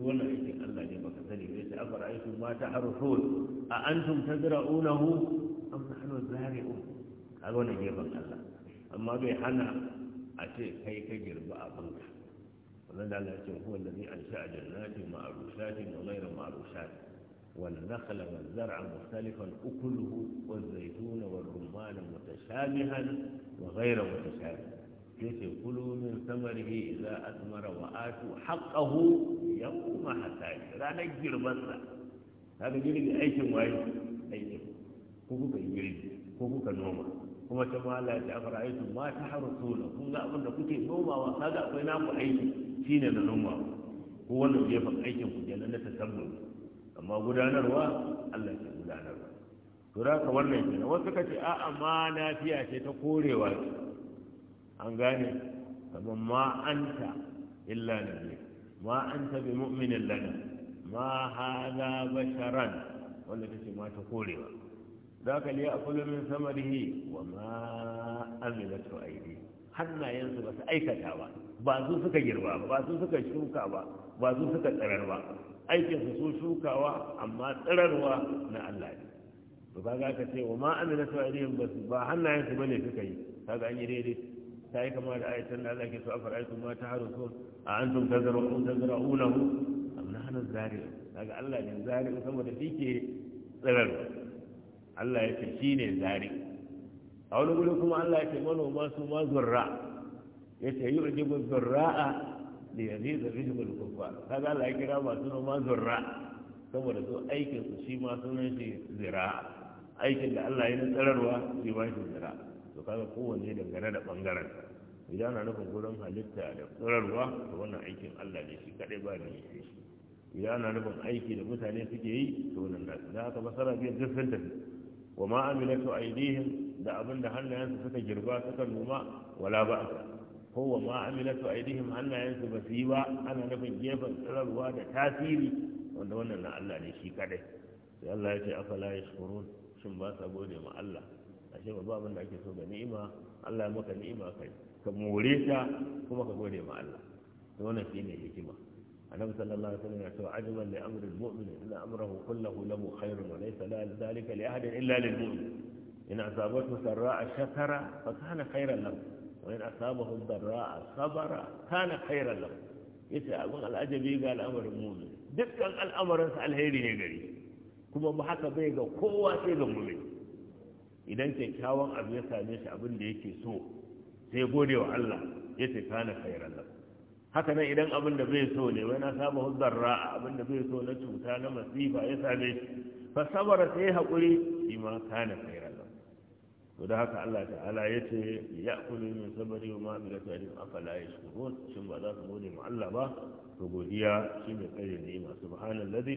duk wannan aikin Allah ne baka sani bai sai afar aikin ma ta harfun a antum tazra'unahu am nahnu zari'un kaga wannan gefen Allah amma bai hana a ce kai ka girba abin ka wannan da Allah ya ce huwa allazi ansha'a jannatin ma'rusatin wa ghayra ma'rusatin والنخل والزرع مختلفا أكله والزيتون والرمان متشابها وغير متشابه yake kulu min samarihi idza asmara wa atu haqqahu yawma hasadi ranar girbansa kaga girbi aikin waye aikin ko kuka girbi ko kuka noma kuma ta mala ta fara aiki ma ta harusuna kun ga abin da kuke nomawa kaga akwai naku aiki shine na noma ko wannan gefen aikin ku kenan na tasabbur amma gudanarwa Allah ke gudanarwa to da ka wannan kenan wasu kace a'a ma lafiya ce ta korewa ce an gane kamar ma anta illa nabiy ma anta bi mu'minin lana ma hada basharan wanda tace ma ta korewa zaka liya akulu min samarihi wa ma amilatu aidi hannayensu ba su aikata ba ba su suka girba ba su suka shuka ba ba su suka tsirar ba aikinsu su shukawa amma tsirarwa na Allah ne to kaga ka ce wa ma amilatu aidihim ba hannayensu bane suka yi kaga an yi daidai ta yi kama da ayatan da Allah ke so a fara'aitu ma ta haru so a an tun abu na hannun zari'a daga Allah ne zari'a sama da fi ke tsirarwa Allah ya ce shi ne zari a wani guri kuma Allah ya ce manoma su ma zurra ya ce yi ujibu zurra'a da ya zai zafi shi mulkufa kaga Allah ya kira masu noma zurra saboda su aikin su shi ma sunan shi zira. aikin da Allah ya na tsirarwa shi ba shi zira'a to kaga kowanne dangane da bangaren idan ana nufin gurin halitta da tsirarwa to wannan aikin Allah ne shi kadai ba ni ne idan ana nufin aiki da mutane suke yi to wannan nasu da haka masara biyar duk sun tafi wa ma amilatu aidihim da abin da hannayensu suka girba suka noma wala ba ko wa ma amilatu aidihim hannayensu ba su yi ba ana nufin gefen tsirarwa da tasiri wanda wannan na Allah ne shi kadai sai Allah ya ce afala yashkurun shin ba sa gode ma Allah ashe babu abin da ake so ga ni'ima Allah ya maka ni'ima kai ka more ta kuma ka gode ma Allah to wannan shine hikima annabi sallallahu alaihi wasallam ya ce ajaban li amri almu'min inna amrahu kulluhu lahu khairun wa laysa dhalika li ahadin illa lil mu'min in asabathu sarra'a shakara fa kana khairan lahu wa in asabahu dharra'a sabara kana khairan lahu yace abin al'ajabi ga al'amarin mu'min dukkan al'amarinsa alheri ne gari kuma mu haka bai ga kowa sai ga mu'min idan kyakkyawan abu ya same shi abin da yake so sai gode wa Allah ya ce kana khairan lak haka nan idan abin da bai so ne wai na saba huzzar ra'a abin da bai so na cuta na masifa ya same shi fa sabara sai hakuri shi ma kana khairan lak to da haka Allah ta'ala ya ce ya ya'kulu min sabari wa ma bi ghafirin afala yashkurun shin ba za su gode ma Allah ba to godiya shi shine kai ne ma subhanallazi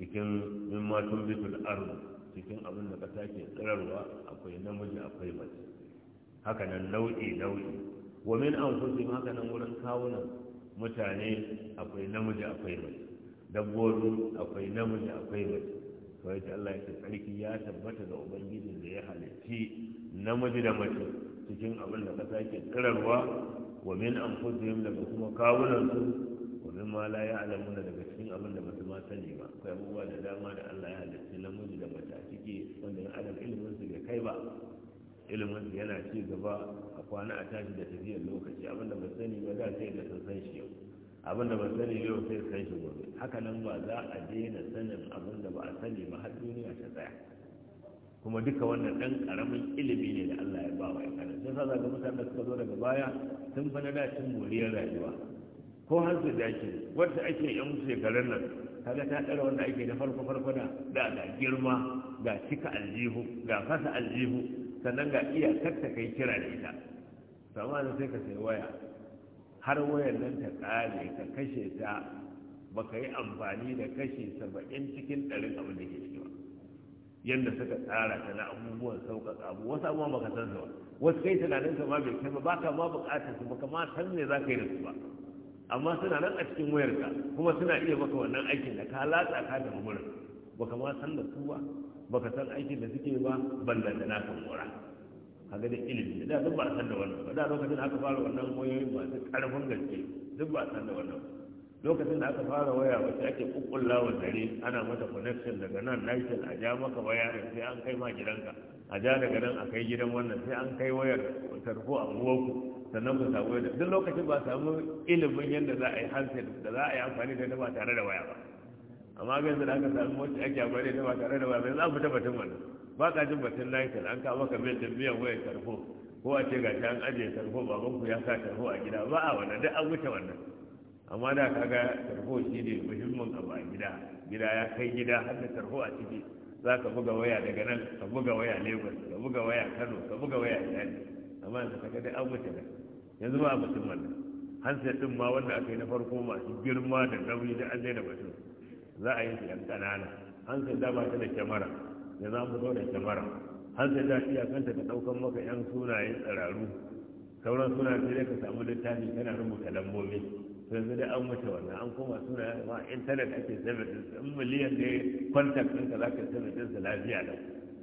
cikin mimma tumbitul arzu cikin abin da kasa ke tsirarwa akwai namiji akwai mace haka nan nau'i nau'i wa min anfusihim haka nan wurin kawunan mutane akwai namiji akwai mace dabbobi akwai namiji akwai mace to yace Allah ya ce sarki ya tabbata ga ubangijin da ya halitti namiji da mace cikin abin da kasa ke tsirarwa wa min anfusihim daga kuma kawunan su wa min ma la alamu daga cikin abin da ba su ma sani akwai abubuwa da dama da allah ya halitta namiji da mace a ciki wanda na adam ilimin su bai kai ba ilimin su yana ci gaba a kwana a tashi da tafiyar lokaci abinda ba sani ba da sai da san shi yau abinda ba sani yau sai san shi gobe haka nan ba za a daina sanin abinda ba a sani ba har duniya ta tsaya kuma duka wannan ɗan ƙaramin ilimi ne da Allah ya ba wa ya kanan sai sa zaga mutane suka zo daga baya sun fa da dacin moriyar rayuwa ko har su dace wadda ake yan shekarun nan kaga ta tsara wanda ake da farko farko da ga girma ga cika aljihu ga fasa aljihu sannan ga iya ta kai kira da ita sama da sai ka sai waya har wayar nan ta kare ka kashe ta baka yi amfani da kashe saba'in cikin ɗarin abin da ke ciki ba yadda suka tsara ta na abubuwan sauƙaƙa abu wasu abubuwan baka san su ba wasu kai tunanin ma bai kai ba baka ma buƙatar su baka ma san ne za ka yi da su ba amma suna nan a cikin wayarka kuma suna iya maka wannan aikin da ka latsa ka da ba baka ma san da su ba baka san aikin da suke ba ban da naka mura kaga da ilimi da duk ba san da wannan ba da lokacin da aka fara wannan wayoyin masu karfin gaske duk ba san da wannan lokacin da aka fara waya wacce ake kukkulla wa dare ana mata connection daga nan nashin a ja maka bayanin sai an kai ma gidanka a ja daga nan a kai gidan wannan sai an kai wayar tarko a ruwanku sannan ku samu yadda duk lokacin ba samu ilimin yadda za a yi handset da za a yi amfani da ita ba tare da waya ba amma ga yanzu da aka samu wacce ake amfani da ita ba tare da waya ba za a fita batun wani ba ka jin batun laifin an kawo ka mil din biyan wayar tarho ko a ce ga ta an ajiye tarho baban ku ya sa tarho a gida ba a wannan duk an wuce wannan amma da ka ga tarho shi ne muhimmin abu a gida gida ya kai gida har da tarho a ciki za ka buga waya daga nan ka buga waya lagos ka buga waya kano ka buga waya yali amma yanzu ka ga duk an wuce nan yanzu ba a batun wannan hansa din ma wanda aka yi na farko masu girma da nauyi da an da batun za a yi shi ɗan ƙanana hansa da ba ta da kyamara ya za mu da kyamara hansa da kanta ka ɗaukan maka yan sunayen tsararu sauran suna sai dai ka samu littafi kana rubuta lambobi yanzu dai an wuce wannan an koma suna ma intanet ake sabitin in miliyan ne kwantak ɗinka za ka sabitin su lafiya da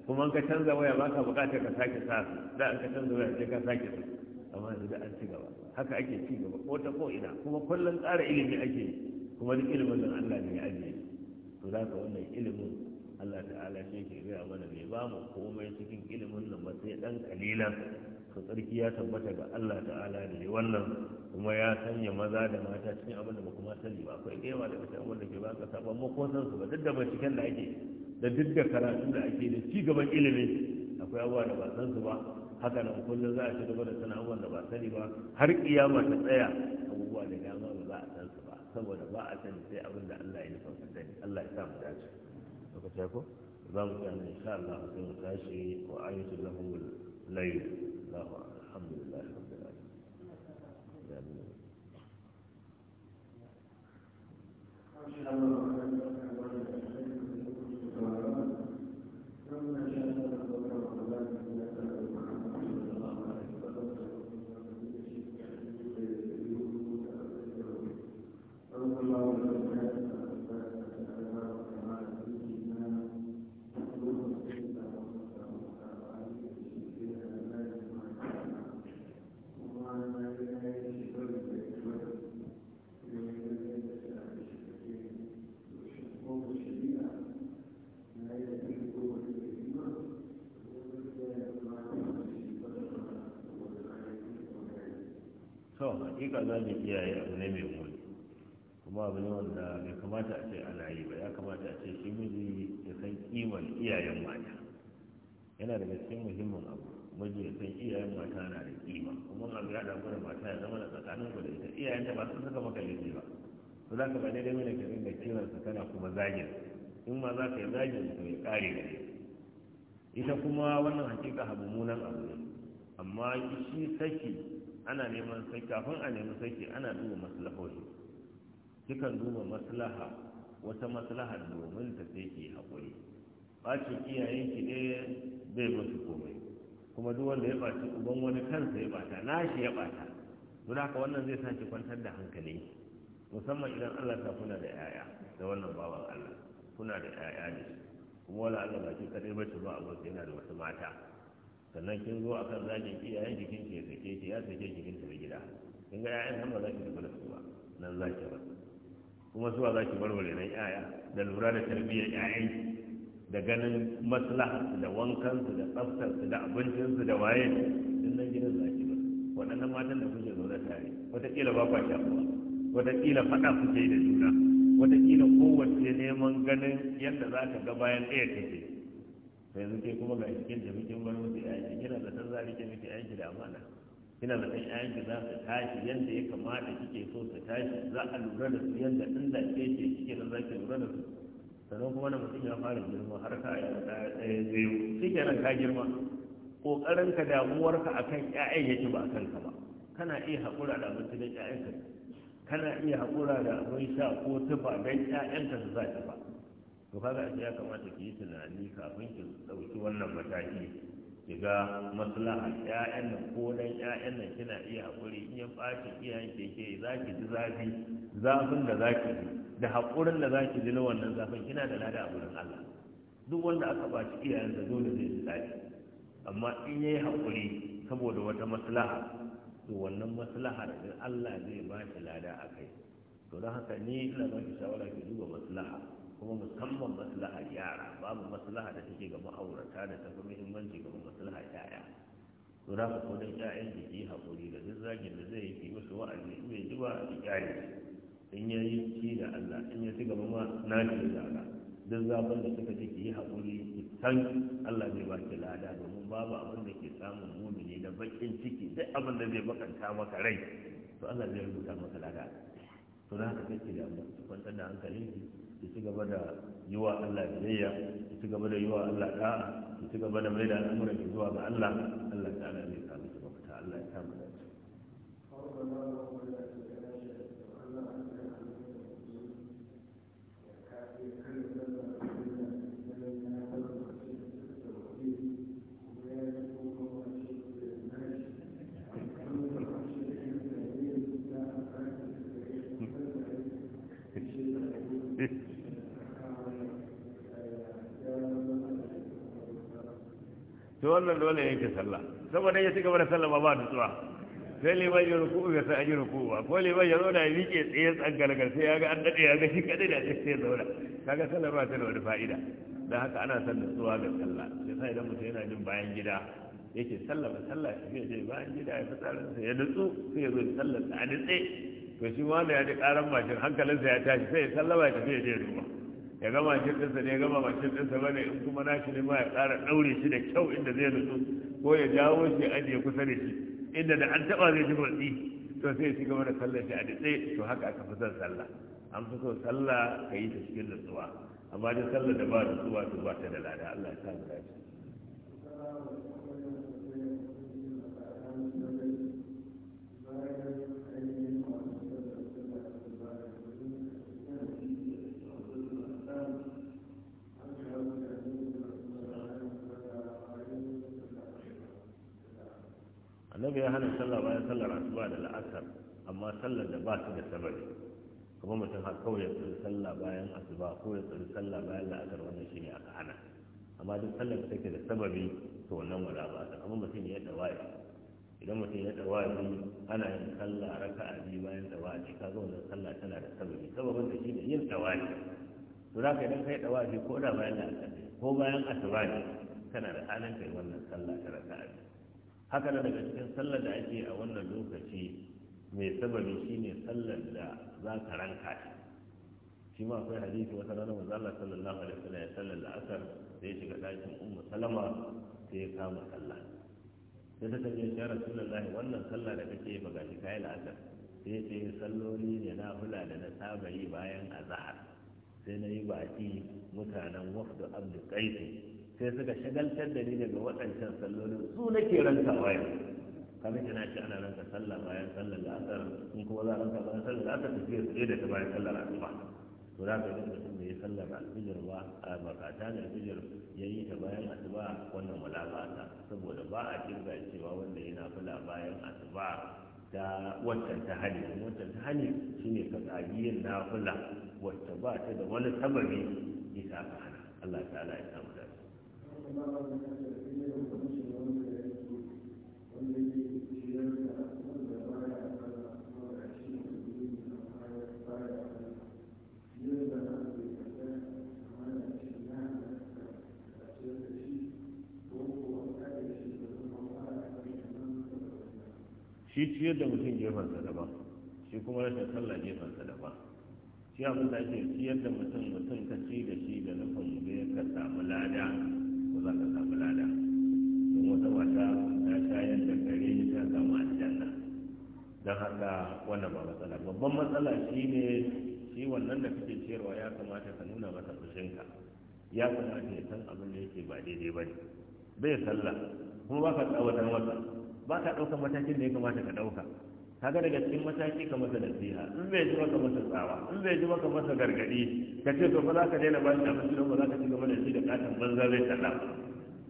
kuma an ka canza waya ba ka buƙatar ka sake sa su da an ka canza waya sai ka sake su amma yanzu da an ci gaba haka ake ci gaba ko ta ko ina kuma kullum tsara ilimi ake kuma duk ilimin nan Allah ne ya ajiye to za ka wannan ilimin Allah ta'ala shi ke gaya mana mai ba mu komai cikin ilimin nan ba sai dan kalilan to tsarki ya tabbata ga Allah ta'ala da ya wannan kuma ya sanya maza da mata cikin abin da ba kuma sani ba akwai da yawa daga cikin wanda ke baka saba mu ko san su ba duk da binciken da ake da duk da karatu da ake da ci gaban ilimi akwai abubuwa da ba san su ba haka nan kullum za a ci gaba da sana'o'in da ba sani ba har kiyama ta tsaya abubuwa da dama ba za a san su ba saboda ba a sani sai abin da Allah ya nufa da ni Allah ya sa mu dace lokaci ko za mu tsaya insha Allah sai mu tashi wa ayatu lahumul layl Allahu alhamdulillah rabbil alamin Thank you. hakika za mu kiyaye abu ne mai muni kuma abu ne wanda bai kamata a ce ana yi ba ya kamata a ce shi miji ya san kimar iyayen mata yana da cikin muhimmin abu miji ya san iyayen mata na da kima kuma abu ya damu da mata ya zama da tsakanin ku da ita iyayen ta ba su saka maka laifi ba to za ka ba daidai ne ka dinga kiransa kana kuma zagin in ma za ka yi zagin to ya kare da ita kuma wannan hakika mummunan abu ne amma shi saki ana neman sai kafin a nemi saki ana duba maslahohi kikan duba maslaha wata maslaha domin ta sai ke haƙuri ɓacin iyayen ki ne bai musu komai kuma duk wanda ya ɓaci uban wani kansa ya ɓata nashi ya ɓata don haka wannan zai sa ki kwantar da hankali musamman idan Allah ta kuna da 'ya'ya da wannan bawan Allah kuna da 'ya'ya ne kuma wala Allah ba ki kadai ta ba a yana da wasu mata sannan kin zo akan zagin iyayen jikin ki da sake ki ya sake ki kin gida kin ga ƴaƴan nan za ki tafi da su ba nan za ki ba kuma zuwa za ki warware nan ƴaƴa da lura da tarbiyyar ƴaƴan da ganin maslaha da wankansu da tsaftarsu da abincinsu da waye din nan gidan za ki ba waɗannan matan da kuke zaune tare wataƙila ba kwa shafuwa wataƙila faɗa kuke da juna wataƙila kowace neman ganin yadda za ka ga bayan ɗaya kake sai yanzu kuma ga cikin da muke bar musu aiki kina da san zaki muke aiki da amana kina da san aiki za su tashi yanda ya kamata kike so su tashi za a lura da su yanda da ke ke kike da zaki lura da su sannan kuma na mutum ya fara girma har ka ya ɗaya zai shi kenan ka girma kokarin ƙoƙarinka damuwarka akan ƴaƴan yake ba akan ka ba kana iya haƙura da abinci don ka kana iya haƙura da abin sha ko tufa don ƴaƴanka su za ta ba to kaga ya kamata ki yi tunani kafin ki ɗauki wannan mataki ki ga maslaha ƴaƴan nan ko dan ƴaƴan nan kina iya haƙuri in ya ɓaci iyayen keke za ki ji zafi zafin da za ki ji da haƙurin da za ki ji na wannan zafin kina da lada a wurin Allah duk wanda aka ɓaci iyayen da dole zai ji zafi amma in ya yi haƙuri saboda wata maslaha to wannan maslaha da Allah zai ba shi lada a kai to don haka ni ina ba ki shawara ki duba maslaha kuma musamman maslaha yara babu maslaha da take ga ma'aurata da tafi muhimmanci ga maslahar yaya to da ka kodin ƴaƴan da ke hakuri, da duk da zai yi musu wa'azi in bai zuba a ƙyale in ya yi ci da Allah in ya ci gaba ma na ce da Allah duk zafin da suka ji ki yi hakuri ki san Allah zai ba lada domin babu abin da ke samun mumini da bakin ciki duk abin da zai bakanta maka rai to Allah zai rubuta maka lada to da haka kake da mu kwantar da hankalinki Ki ci gaba da yi wa Allah biyayya ya ci gaba da yi wa Allah da'a ya ci gaba da maida al'amuran zuwa ga Allah Allah ta'ala zai samu ta Allah ya samu dace to wannan dole ya yake sallah saboda ya ci gaba da sallah ba ba nutsuwa sai liman ya ruku ya sai aji ruku ba ko liman ya zo da miƙe tsaye tsangalgal sai ya ga an dade ya ga shi kadai da sai zaura kaga sallah ba ta da wani fa'ida dan haka ana son nutsuwa ga sallah sai sai idan mutum yana jin bayan gida yake sallah ba sallah shi zai je bayan gida ya sa ya nutsu sai ya zo ya sallar a dutse to shi wanda ya ji karan mashin hankalinsa ya tashi sai ya sallama ya tafi ya je ruwa ya gama shi ɗansa ne ya gama mashin ɗinsa ba ne in kuma na nashi ne ma ya ƙara ɗaure shi da kyau inda zai nutsu ko ya jawo shi ya ajiye kusa da shi inda da an taɓa zai ji matsi to sai shi gama da sallar shi a daɗe to haka aka fi son sallah an fi so sallah ka yi ta cikin nutsuwa amma da sallar da ba nutsuwa to ba ta da lada Allah ya sa mu dace amma sallar da ba su da sabari kuma mutum har kawai ya tsari sallah bayan asuba ko ya tsari sallah bayan la'asar wannan shi ne aka hana amma duk sallar da take da sababi to wannan wala ba ta amma mutum ya dawaye idan mutum ya dawaye ana yin sallah raka'a biyu bayan ka kaga wannan sallah tana da sababi sababin da shi ne yin dawaye to za ka idan ka yi dawaye ko da bayan la'asar ko bayan asuba ne kana da halin kai wannan sallah ta raka'a biyu haka da daga cikin sallar da ake a wannan lokaci mai sababi shine sallar da za ka ranka shi shi ma akwai hadisi wata rana manzo Allah sallallahu alaihi wasallam ya sallar da asar sai shiga ɗakin ummu salama sai ya kama sallah sai ta yaran ya rasulullahi wannan sallah da kake ba gashi kayan la'asar sai ta yi salloli ne na hula da na saba yi bayan azahar sai na yi baki mutanen wafdu abdu kaisi sai suka shagaltar da ni daga waɗancan sallolin su nake rantawa yau kaga ina ce ana ranka sallah bayan sallar la'asar in kuma za a ranka bayan sallah la'asar ta fiye tsaye da ta bayan sallar asuba to za ka rinka mutum ya sallar alfijir ba a bakata da alfijir ya yi ta bayan asuba wannan mulabata saboda ba a kirga cewa wanda yana fula bayan asuba ta wancan ta hali wancan ta hali shine ka tsagiyar nafila wacce ba ta da wani sababi isa ka hana Allah ta'ala ya samu dace shi ciyar da mutum gefansa daban shi kuma rashin sallah gefansa daban shi abin da ake ciyar da mutum mutum ka ci da shi da nufin da ka samu lada ko za ka samu lada don wata mata ta shayar da kare ta samu aljanna don haka wannan ba matsala babban matsala shi ne. shi wannan da kake ciyarwa ya kamata ka nuna masa fushinka ya kamata ya san abin da yake ba daidai ba ne bai sallah kuma ba ka tsawatar masa ba ka ɗaukar matakin da ya kamata ka ɗauka kaga daga cikin mataki ka masa nasiha in bai ji maka masa tsawa in bai ji maka masa gargaɗi ka ce to ba za ka daina shi abinci don ba za ka ci gaba da shi da katon banza zai sallah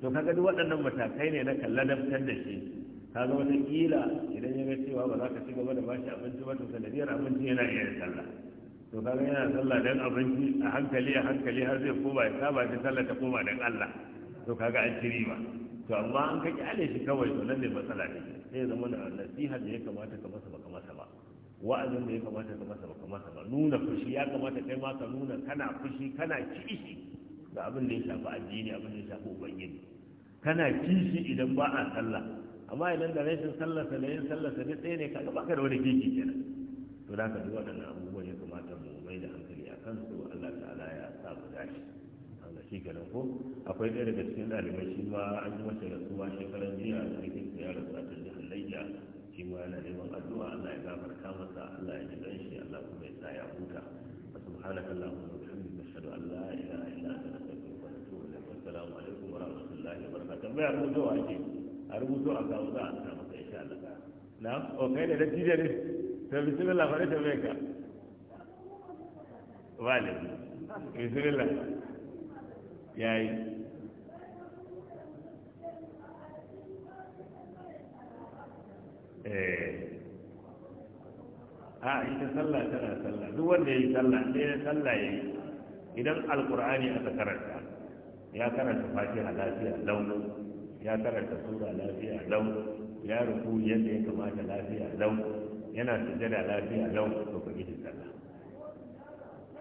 to kaga duk waɗannan matakai ne na kalladabtar da shi kaga wata kila idan ya ga cewa ba za ka ci gaba da bashi abinci ba to sanadiyar abinci yana iya tsalla to kaga yana sallah dan abinci a hankali a hankali har zai koma ya saba ta tsalla ta koma dan Allah to kaga an ci riba to amma an ka kyale shi kawai to nan ne matsala ne sai zama na nasiha da ya kamata ka masa baka masa ba wa'azin da ya kamata ka masa baka masa ba nuna fushi ya kamata kai ma ka nuna kana fushi kana kishi ga abin da ya shafi addini abin da ya shafi ubangiji kana kishi idan ba a sallah amma idan da rashin sallarsa da yin sallarsa sa dai ne kaga baka da wani kishi kenan to da ka duwa da abubuwan ya kamata mu mai da hankali a su Allah ta'ala ya sa mu dashi ci ganin ko akwai ɗaya daga cikin ɗalibai shi ma an yi masa rasuwa shekaran jiya a cikin sa ya rasu a cikin halayya shi ma yana neman addu'a Allah ya gafarta masa Allah ya ji ɗan shi Allah kuma ya sa ya huta a su hana mu da subhanaka allahumma wa bihamdika ashhadu an la ilaha illa anta astaghfiruka wa atubu ilaik assalamu alaikum wa rahmatullahi wa barakatun bai a rubuto a ake a rubuto a kawo za a samu ka insha Allah na'am o kai da dattijo ne to bismillah ta tambayar ka wale bismillah yayi eh a ita sallah tana sallah duk wanda yayi sallah sai sallah yayi idan alqur'ani aka karanta ya karanta fatiha lafiya lau ya karanta sura lafiya lau ya ruku yadda ya kamata lafiya lau yana sujjada lafiya lau to ka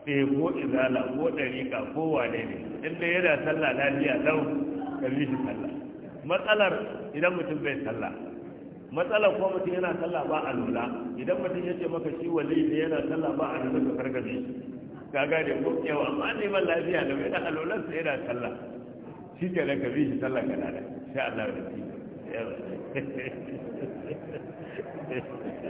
sai eh, ko izala ko ɗariƙa ko wane ne inda yana sallah lafiya lau ka bi shi sallah matsalar idan mutum bai sallah matsalar ko mutum yana sallah ba a lula idan mutum ya ce maka shi wali ne yana sallah ba a lula ka bi. shi ka gane ko yawa amma neman lafiya da mai da lula sai yana sallah shi ke ka bi shi sallah kana da sha Allah da shi